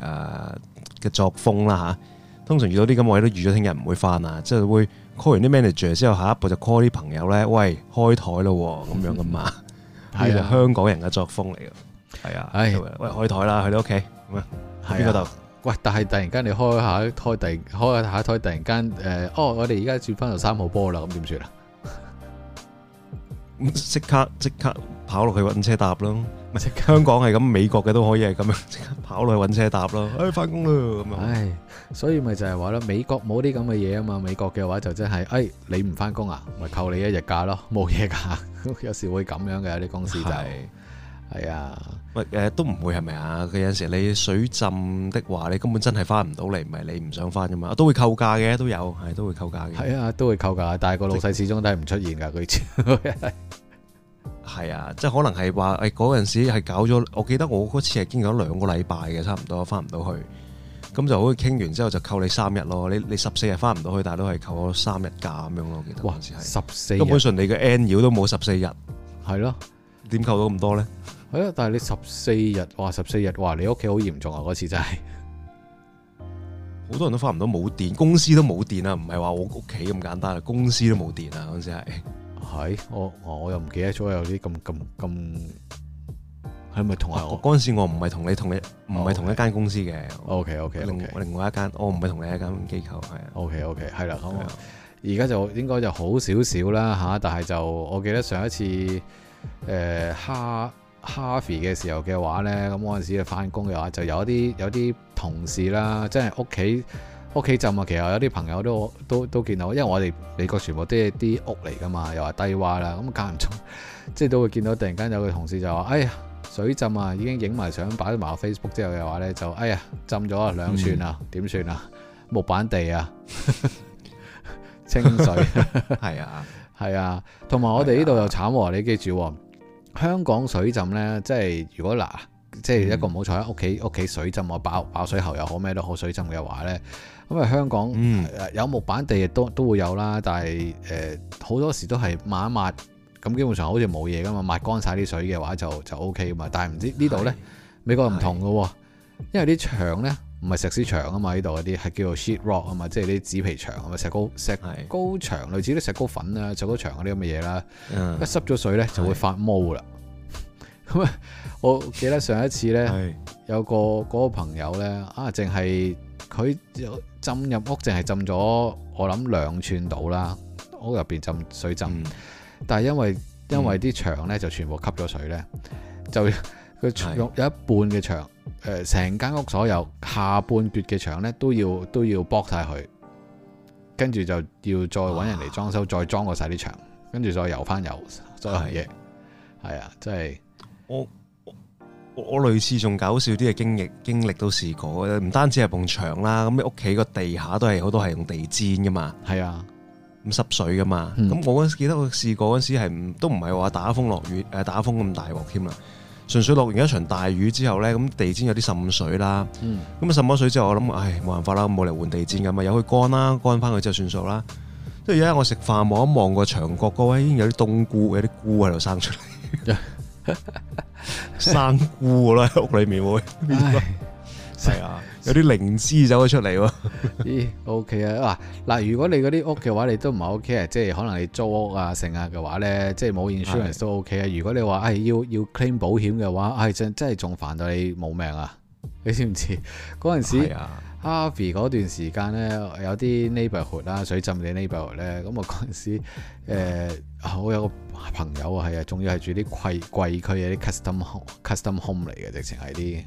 嘅作風啦吓、啊，通常遇到啲咁嘅嘢都預咗聽日唔會翻啊，即係會 call 完啲 manager 之後，下一步就 call 啲朋友咧，喂開台咯咁樣噶嘛，係、嗯啊、香港人嘅作風嚟嘅，係啊，係、啊、喂開台啦去你屋企，係邊個度？喂，但係突然間你開一下開第開下台，突然間誒、呃，哦我哋而家轉翻到三號波啦，咁點算啊？即刻即刻跑落去揾車搭咯，唔係香港係咁，美國嘅都可以係咁樣，即刻跑落去揾車搭咯。 哎，翻工啦咁啊，所以咪就係話咧，美國冇啲咁嘅嘢啊嘛。美國嘅話就真係，哎，你唔翻工啊，咪扣你一日假咯，冇嘢噶。有時會咁樣嘅，有啲公司就係、是。是。係啊，咪誒都唔會係咪啊？佢有陣時你水浸的話，你根本真係翻唔到嚟，唔係你唔想翻噶嘛？都會扣假嘅，都有係都會扣假嘅。係啊，都會扣假，但係個老細始終都係唔出現噶。佢係 啊，即係可能係話誒嗰陣時係搞咗，我記得我嗰次係經過咗兩個禮拜嘅，差唔多，翻唔到去，咁就好似傾完之後就扣你三日咯。你你十四日翻唔到去，但係都係扣咗三日假咁樣咯。我記得哇，十四日，基本上你嘅 N 妖都冇十四日，係咯、啊？點扣到咁多咧？係啊，但係你十四日，哇！十四日，哇！你屋企好嚴重啊！嗰次真係好多人都翻唔到，冇電，公司都冇電啊！唔係話我屋企咁簡單啊，公司都冇電啊！嗰時係係，我我又唔記得咗有啲咁咁咁，係咪同係我？嗰時我唔係同你同，唔係同一間公司嘅。O K O K，另外，okay. 另外一間，我唔係同你一間機構係 O K O K，係啦，而家，okay, okay, 就應該就好少少啦吓，但係就我記得上一次誒蝦。呃 Happy 嘅時候嘅話呢，咁嗰陣時去翻工嘅話，就有啲有啲同事啦，即係屋企屋企浸啊，其實有啲朋友都都都見到，因為我哋美國全部都係啲屋嚟噶嘛，又話低洼啦，咁間唔中即係都會見到突然間有個同事就話：哎呀，水浸啊，已經影埋相擺埋 Facebook 之後嘅話呢，就哎呀浸咗兩寸啊，點、嗯、算啊？木板地啊， 清水係啊係啊，同 埋、啊、我哋呢度又慘喎、啊，你記住、哦。香港水浸呢，即係如果嗱，即係一個唔好彩，屋企屋企水浸啊，爆爆水喉又好咩都好水浸嘅話呢，咁啊香港、嗯呃、有木板地亦都都會有啦，但係誒好多時都係抹一抹，咁基本上好似冇嘢噶嘛，抹乾晒啲水嘅話就就 OK 嘛，但係唔知呢度呢，美國唔同噶喎，因為啲牆呢。唔係石屎牆啊嘛，呢度嗰啲係叫做 sheet rock 啊嘛，即係啲紙皮牆啊，石膏石膏牆，類似啲石膏粉啊、石膏牆嗰啲咁嘅嘢啦。一濕咗水咧，就會發毛啦。咁啊， 我記得上一次咧，有個嗰個朋友咧，啊，淨係佢浸入屋，淨係浸咗我諗兩寸到啦，屋入邊浸水浸，嗯、但係因為因為啲牆咧就全部吸咗水咧，就。佢有一半嘅牆，誒，成間屋所有下半截嘅牆咧，都要都要剝晒佢，跟住就要再搵人嚟裝修，啊、再裝過晒啲牆，跟住再油翻油，所有嘢係啊，即係、就是、我我我類似仲搞笑啲嘅經歷經歷都試過，唔單止係埲牆啦，咁屋企個地下都係好多係用地氈噶嘛，係啊，咁濕水噶嘛，咁、嗯、我嗰陣記得我試過嗰陣時係唔都唔係話打風落雨，誒打風咁大鑊添啊。純粹落完一場大雨之後咧，咁地氈有啲滲水啦。咁、嗯、滲咗水之後，我諗，唉，冇辦法啦，冇嚟換地氈咁嘛，由佢乾啦，乾翻佢之後算數啦。即係而家我食飯望一望個牆角嗰位，已經有啲冬菇，有啲菇喺度生出嚟， 生菇啦，喺屋裏面會，係啊。有啲靈芝走咗出嚟喎 、欸？咦，OK 啊？哇，嗱，如果你嗰啲屋嘅話，你都唔係 OK 啊！即係可能你租屋啊、剩啊嘅話咧，即係冇 insurance 都 OK 啊！如果你話係、哎、要要 claim 保險嘅話，係、哎、真真係仲煩到你冇命啊！你知唔知嗰陣時？Harvey 嗰段時間咧，有啲 neighborhood 啦，水浸你 neighborhood 咧，咁我嗰陣時我有個朋友啊，係啊，仲要係住啲貴貴區嘅啲 custom home、custom home 嚟嘅，直情係啲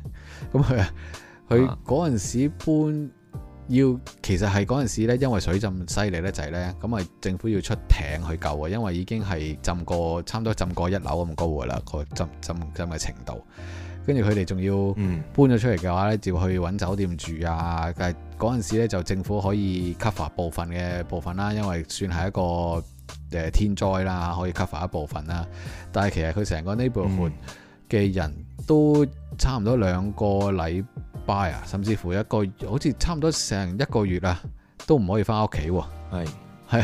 咁佢。佢嗰陣時搬要，其實係嗰陣時咧，因為水浸犀利呢，就係呢。咁啊政府要出艇去救啊，因為已經係浸過差唔多浸過一樓咁高嘅啦，個浸浸浸嘅程度。跟住佢哋仲要搬咗出嚟嘅話呢，就要去揾酒店住啊。但係嗰陣時咧就政府可以 cover 部分嘅部分啦，因為算係一個誒天災啦，可以 cover 一部分啦。但係其實佢成個呢部 i 嘅人都差唔多兩個禮。甚至乎一個好似差唔多成一個月啊，都唔可以翻屋企喎。係係，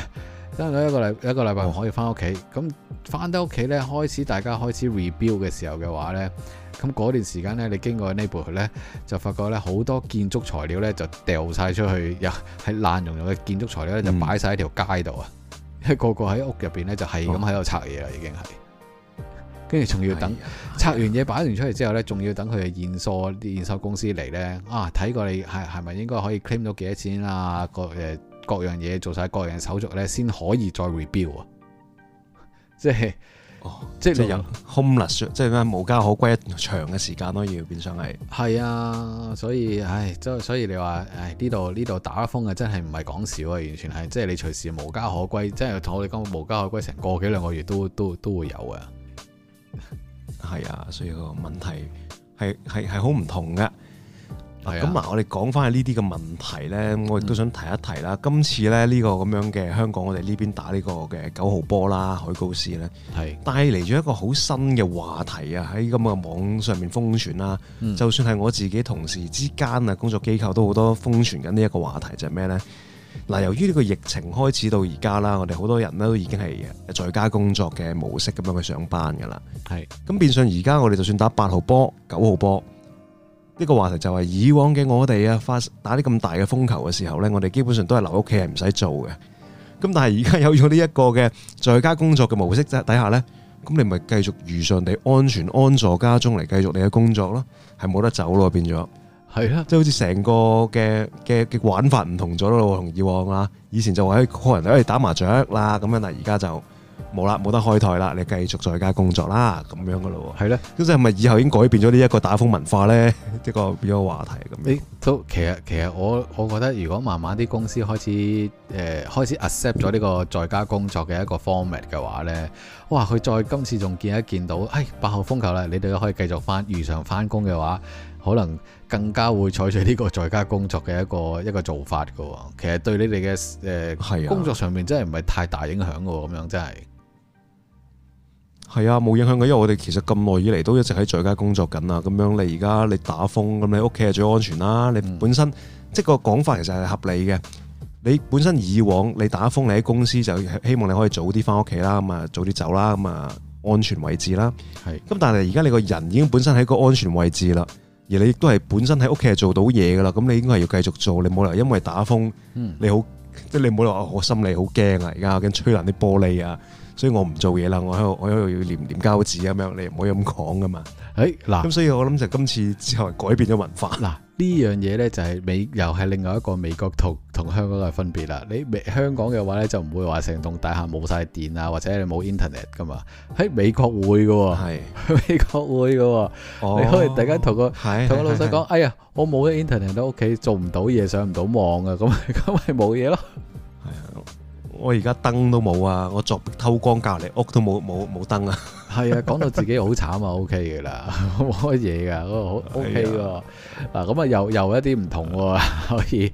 得咗一個禮一個禮拜唔可以翻屋企。咁、哦、翻到屋企呢，開始大家開始 rebuild 嘅時候嘅話呢。咁嗰段時間呢，你經過 neighbor 咧，就發覺呢，好多建築材料呢就掉晒出去，又係爛融融嘅建築材料呢就擺晒喺條街度啊，一、嗯、個個喺屋入邊呢，就係咁喺度拆嘢啦，已經係。跟住仲要等拆完嘢擺完出嚟之後呢，仲要等佢嘅驗貨啲驗收公司嚟呢，啊，睇過你係咪應該可以 claim 到幾多錢啊？各樣樣嘢做晒，各樣，各樣手續呢，先可以再 rebuild 啊！即係、哦，即係你即有空即係咩無家可歸，長嘅時間都要變上嚟。係啊，所以唉，即係所以你話唉，呢度呢度打風啊真係唔係講笑啊，完全係即係你隨時無家可歸，即係同我哋講無家可歸成個幾兩個月都都都會有啊。係啊，所以個問題係係係好唔同嘅。咁嗱、啊，我哋講翻呢啲嘅問題呢，我亦都想提一提啦、嗯。今次呢呢個咁樣嘅香港，我哋呢邊打呢個嘅九號波啦，海高斯呢，係帶嚟咗一個好新嘅話題啊！喺咁嘅網上面瘋傳啦，就算係我自己同事之間啊，工作機構都好多瘋傳緊呢一個話題，就係、是、咩呢？嗱，由於呢個疫情開始到而家啦，我哋好多人呢都已經係在家工作嘅模式咁樣去上班噶啦。係，咁變相而家我哋就算打八號波、九號波，呢個話題就係以往嘅我哋啊，發打啲咁大嘅風球嘅時候呢，我哋基本上都係留喺屋企，係唔使做嘅。咁但係而家有咗呢一個嘅在家工作嘅模式底下呢，咁你咪繼續如常地安全安坐家中嚟繼續你嘅工作咯，係冇得走咯變咗。係啦，即係好似成個嘅嘅嘅玩法唔同咗咯喎，同以往啦。以前就話一個人喺度打麻雀啦咁樣，但係而家就冇啦，冇得開台啦。你繼續在家工作啦，咁樣噶咯喎。係咧，咁即係咪以後已經改變咗呢一個打風文化咧？呢個變咗個話題咁。誒，好，其實其實我我覺得，如果慢慢啲公司開始誒開始 accept 咗呢個在家工作嘅一個 format 嘅話咧，哇！佢再今次仲見一見到，誒八號風球啦，你哋都可以繼續翻如常翻工嘅話。可能更加會採取呢個在家工作嘅一個一個做法嘅喎，其實對你哋嘅誒工作上面真係唔係太大影響嘅喎，咁、啊、樣真係。係啊，冇影響嘅，因為我哋其實咁耐以嚟都一直喺在，在家工作緊啊，咁樣你而家你打風咁，你屋企係最安全啦。你本身、嗯、即個講法其實係合理嘅。你本身以往你打風你喺公司就希望你可以早啲返屋企啦，咁啊早啲走啦，咁啊安全位置啦。係。咁但係而家你個人已經本身喺個安全位置啦。而你亦都係本身喺屋企係做到嘢噶啦，咁你應該係要繼續做，你冇理由因為打風，你好、嗯、即係你冇理由，我心理好驚啊！而家驚吹爛啲玻璃啊，所以我唔做嘢啦，我喺度我喺度要黏黏膠紙咁樣，你唔好咁講噶嘛。誒，嗱，咁所以我諗就今次之後改變咗文化，嗱呢樣嘢咧就係美，又係另外一個美國同同香港嘅分別啦。你美香港嘅話咧就唔會話成棟大廈冇晒電啊，或者你冇 internet 噶嘛？喺美國會噶，係美國會噶，你可以大家同個同個老細講，哎呀，我冇咗 internet 喺屋企做唔到嘢，上唔到網啊，咁咁咪冇嘢咯。係啊，我而家燈都冇啊，我作壁偷光隔離屋都冇冇冇燈啊。係啊，講到自己好慘啊，OK 噶啦，冇乜嘢噶，好 OK 噶，嗱咁啊，啊又又一啲唔同喎，啊，可以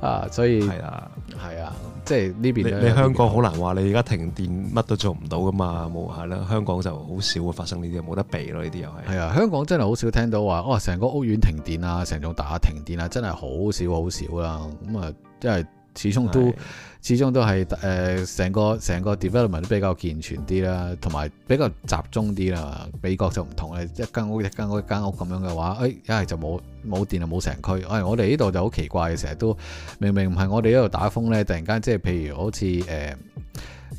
啊，所以係啊，係啊，啊嗯、即係呢邊你香港好難話，你而家停電乜都做唔到噶嘛，冇係啦，香港就好少會發生呢啲，冇得避咯呢啲又係。係啊，啊，香港真係好少聽到話，哦，成個屋苑停電啊，成棟大廈停電啊，真係好少好少啦，咁啊，即係始終都。始終都係誒成個成個 development 都比較健全啲啦，同埋比較集中啲啦。美國就唔同啦，一間屋一間屋一間屋咁樣嘅話，誒一係就冇冇電啊冇成區。誒、哎、我哋呢度就好奇怪嘅，成日都明明唔係我哋呢度打風咧，突然間即係譬如好似誒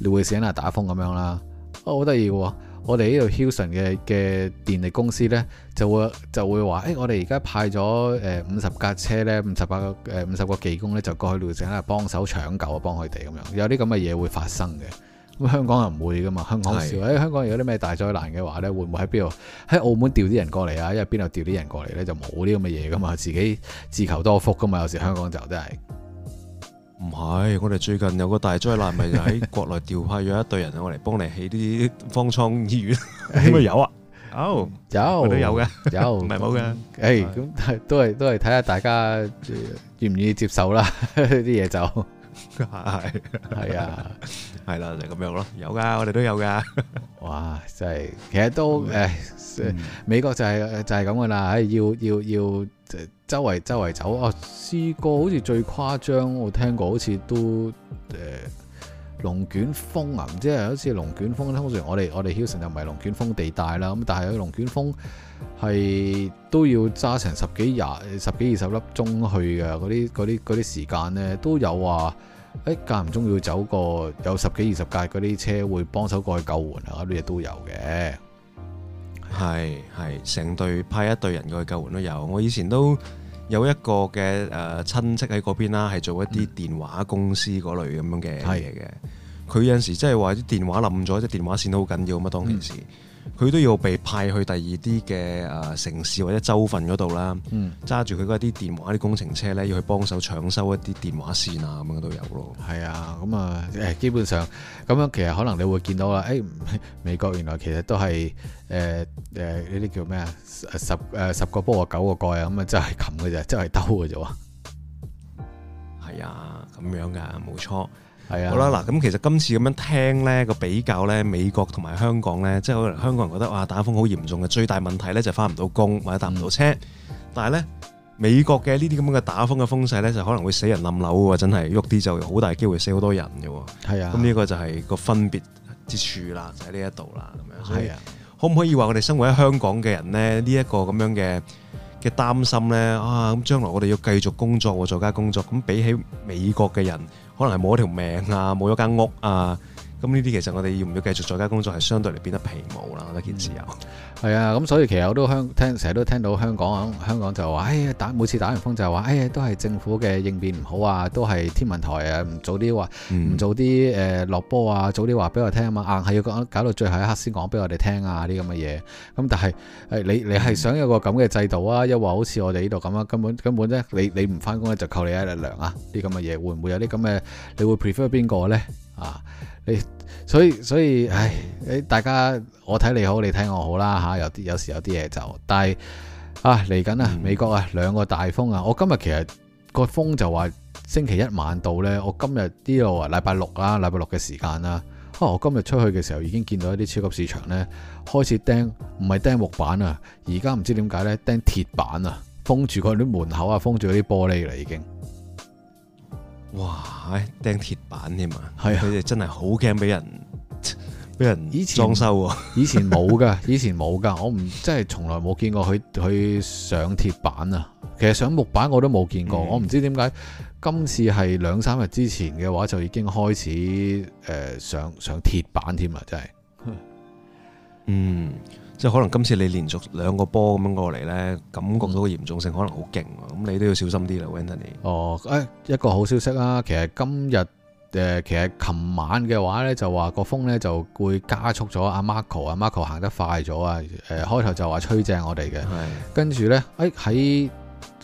路易斯安娜打風咁樣啦，好得意喎。我哋呢度 Houston 嘅嘅電力公司呢，就會就會話，欸，我哋而家派咗誒五十架車呢，五十個誒五十個技工呢，就過去遼整咧幫手搶救啊，幫佢哋咁樣。有啲咁嘅嘢會發生嘅。咁香港又唔會噶嘛？香港少，欸，香港如果有啲咩大災難嘅話呢，會唔會喺邊度喺澳門調啲人過嚟啊？因為邊度調啲人過嚟呢，就冇啲咁嘅嘢噶嘛，自己自求多福噶嘛。有時香港就真係。唔係，我哋最近有個大災難，咪就喺國內調派咗一隊人嚟幫你起啲方艙醫院，有冇有啊？有有我都有嘅，有唔係冇噶？誒，咁都係都係睇下大家願唔願意接受啦，啲嘢就係係啊，係啦，就咁樣咯，有噶，我哋都有噶。哇，真係，其實都誒，美國就係就係咁噶啦，誒，要要要。周圍周圍走啊！詩、哦、哥好似最誇張，我聽過好似都誒龍捲風啊，唔知係好似龍捲風，通常我哋我哋曉晨又唔係龍捲風地帶啦，咁但係個龍捲風係都要揸成十幾廿十幾二十粒鐘去嘅，嗰啲啲啲時間呢都有話，誒間唔中要走過有十幾二十架嗰啲車會幫手過去救援啊，啲嘢都有嘅。係係，成隊派一隊人過去救援都有。我以前都有一個嘅誒、呃、親戚喺嗰邊啦，係做一啲電話公司嗰類咁樣嘅嘢嘅。佢、嗯、有陣時真係話啲電話冧咗，即係電話線都好緊要咁嘛，當其時、嗯。佢都要被派去第二啲嘅誒城市或者州份嗰度啦，揸住佢嗰啲電話、啲工程車咧，要去幫手搶修一啲電話線啊咁樣都有咯。係啊，咁啊誒，基本上咁樣其實可能你會見到啦，誒、哎、美國原來其實都係誒誒呢啲叫咩啊十誒十個煲啊，九個蓋啊，咁啊真係冚嘅啫，真係兜嘅啫喎。係啊，咁樣噶冇錯。係啊，好啦嗱，咁其實今次咁樣聽咧個比較咧，美國同埋香港咧，即係可能香港人覺得哇打風好嚴重嘅，最大問題咧就係翻唔到工或者搭唔到車，嗯、但係咧美國嘅呢啲咁樣嘅打風嘅風勢咧，就可能會死人冧樓喎，真係喐啲就好大機會死好多人嘅喎。係啊，咁呢個就係個分別之處啦，就喺呢一度啦咁樣。係啊，可唔、啊、可以話我哋生活喺香港嘅人咧呢一、個咁樣嘅？嘅擔心呢，啊，咁將來我哋要繼續工作喎，在家工作咁比起美國嘅人，可能係冇一條命啊，冇一間屋啊。咁呢啲其實我哋要唔要繼續在家工作，係相對嚟變得疲勞啦。我覺得件事由。係啊，咁所以其實我都香聽，成日都聽到香港啊，香港就話，哎呀，打每次打完風就係話，哎呀，都係政府嘅應變唔好啊，都係天文台啊，唔早啲話，唔、嗯、早啲、呃、落波啊，早啲話俾我聽啊，硬係要搞搞到最後一刻先講俾我哋聽啊啲咁嘅嘢。咁、嗯、但係、哎、你你係想有個咁嘅制度啊？又話好似我哋呢度咁啊，根本根本咧，你你唔翻工咧就扣你一日糧啊，啲咁嘅嘢會唔會有啲咁嘅？你會 prefer 邊個呢？啊，你所以所以，唉，你大家我睇你好，你睇我好啦，吓、啊、有啲有時有啲嘢就，但係啊，嚟緊啊，美國啊兩個大風啊，我今日其實個風就話星期一晚到呢，我今日呢度禮拜六啊，禮拜六嘅時間啦、啊，啊我今日出去嘅時候已經見到一啲超級市場呢，開始釘，唔係釘木板啊，而家唔知點解呢，釘鐵板啊，封住嗰啲門口啊，封住嗰啲玻璃啦已經。哇！釘鐵板添啊，係佢哋真係好驚俾人俾人裝修啊。以前冇㗎， 以前冇㗎，我唔真係從來冇見過佢佢上鐵板啊。其實上木板我都冇見過，嗯、我唔知點解今次係兩三日之前嘅話就已經開始誒、呃、上上鐵板添啊。真係。嗯。即可能今次你連續兩個波咁樣過嚟呢，感覺到個嚴重性可能好勁，咁、嗯、你都要小心啲啦 Wendy 哦、哎，一個好消息啦，其實今日、呃、其實琴晚嘅話呢，就話個風呢就會加速咗阿 Marco，阿 Marco 行得快咗啊！誒、呃、開頭就話吹正我哋嘅，跟住呢，誒、哎、喺、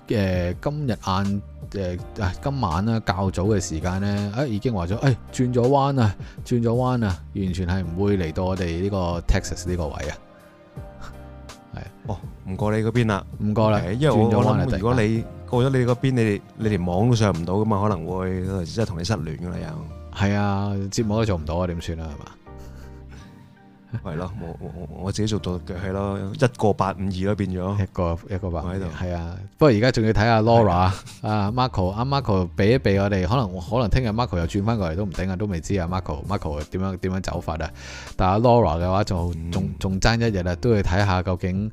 呃、今日晏、呃、今晚啦較早嘅時間呢、哎，已經話咗誒轉咗彎啊，轉咗彎啊，完全係唔會嚟到我哋呢個 Texas 呢個位啊！係哦，唔過你嗰邊啦，唔過啦，因為我諗如果你如果過咗你嗰邊，你哋你連網都上唔到噶嘛，可能會可能真係同你失聯噶啦又，係啊，節目都做唔到啊，點算啊，係嘛？係 咯，我我自己做到嘅係咯，一個八五二咯變咗一個一個八喺度。係啊，啊，不過而家仲要睇下 Laura 啊，Marco 啊，Marco 俾一俾我哋，可能可能聽日 Marco 又轉翻過嚟都唔定啊，都未知啊，Marco Marco 點樣點樣走法啊？但係 Laura 嘅話就仲仲爭一日啊，都要睇下究竟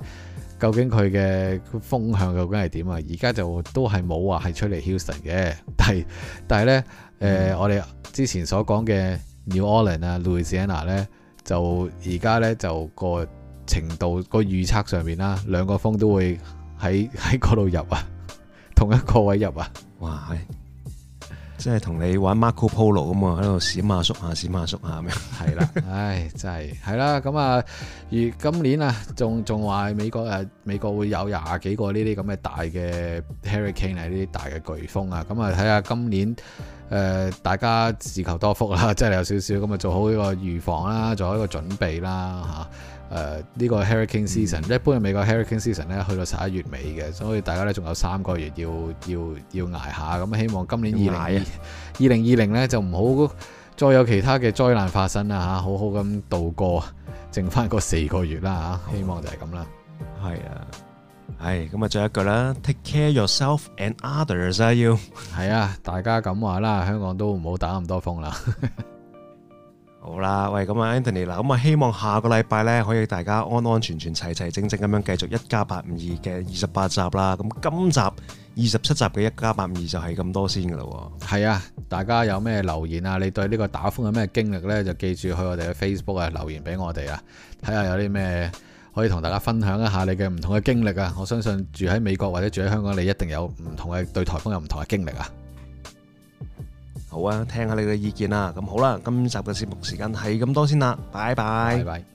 究竟佢嘅風向究竟係點啊？而家就都係冇話係出嚟 Houston 嘅，但係但係咧誒，我哋之前所講嘅 New Orleans 啊，Louisiana 咧。就而家呢，就個程度、個預測上面啦，兩個風都會喺喺嗰度入啊，同一個位入啊，哇！即係同你玩 Marco Polo 咁、 哎、啊，喺度閃下縮下，閃下縮下咩？係啦，唉，真係係啦，咁啊，而今年啊，仲仲話美國誒、啊、美國會有廿幾個呢啲咁嘅大嘅 Hurricane 呢啲大嘅颶風啊，咁啊睇下今年。誒、呃，大家自求多福啦，即係有少少咁啊，做好呢個預防啦，做好一個準備啦，嚇、啊。誒、呃，呢、這個 Hurricane Season 一般係美國 Hurricane Season 咧，去到十一月尾嘅，所以大家咧仲有三個月要要要挨下，咁希望今年二零二零二零二零咧就唔好再有其他嘅災難發生啦，嚇、啊，好好咁度過，剩翻嗰四個月啦，嚇、啊嗯，希望就係咁啦。係啊。係咁啊，咁咪最後一句啦，Take care yourself and others are you？係啊，大家咁話啦，香港都唔好打咁多風啦。 好啦，喂，咁、嗯、啊，Anthony 嗱，咁、嗯、啊，希望下個禮拜呢，可以大家安安全全、齊齊整整咁樣繼續一加八五二嘅二十八集啦。咁今集二十七集嘅一加八五二就係咁多先噶啦。係啊，大家有咩留言啊？你對呢個打風有咩經歷呢？就記住去我哋嘅 Facebook 啊，留言俾我哋啊，睇下有啲咩。可以同大家分享一下你嘅唔同嘅經歷啊！我相信住喺美國或者住喺香港，你一定有唔同嘅對颱風有唔同嘅經歷啊！好啊，聽下你嘅意見啦！咁好啦，今集嘅節目時間係咁多先啦，拜拜。拜拜。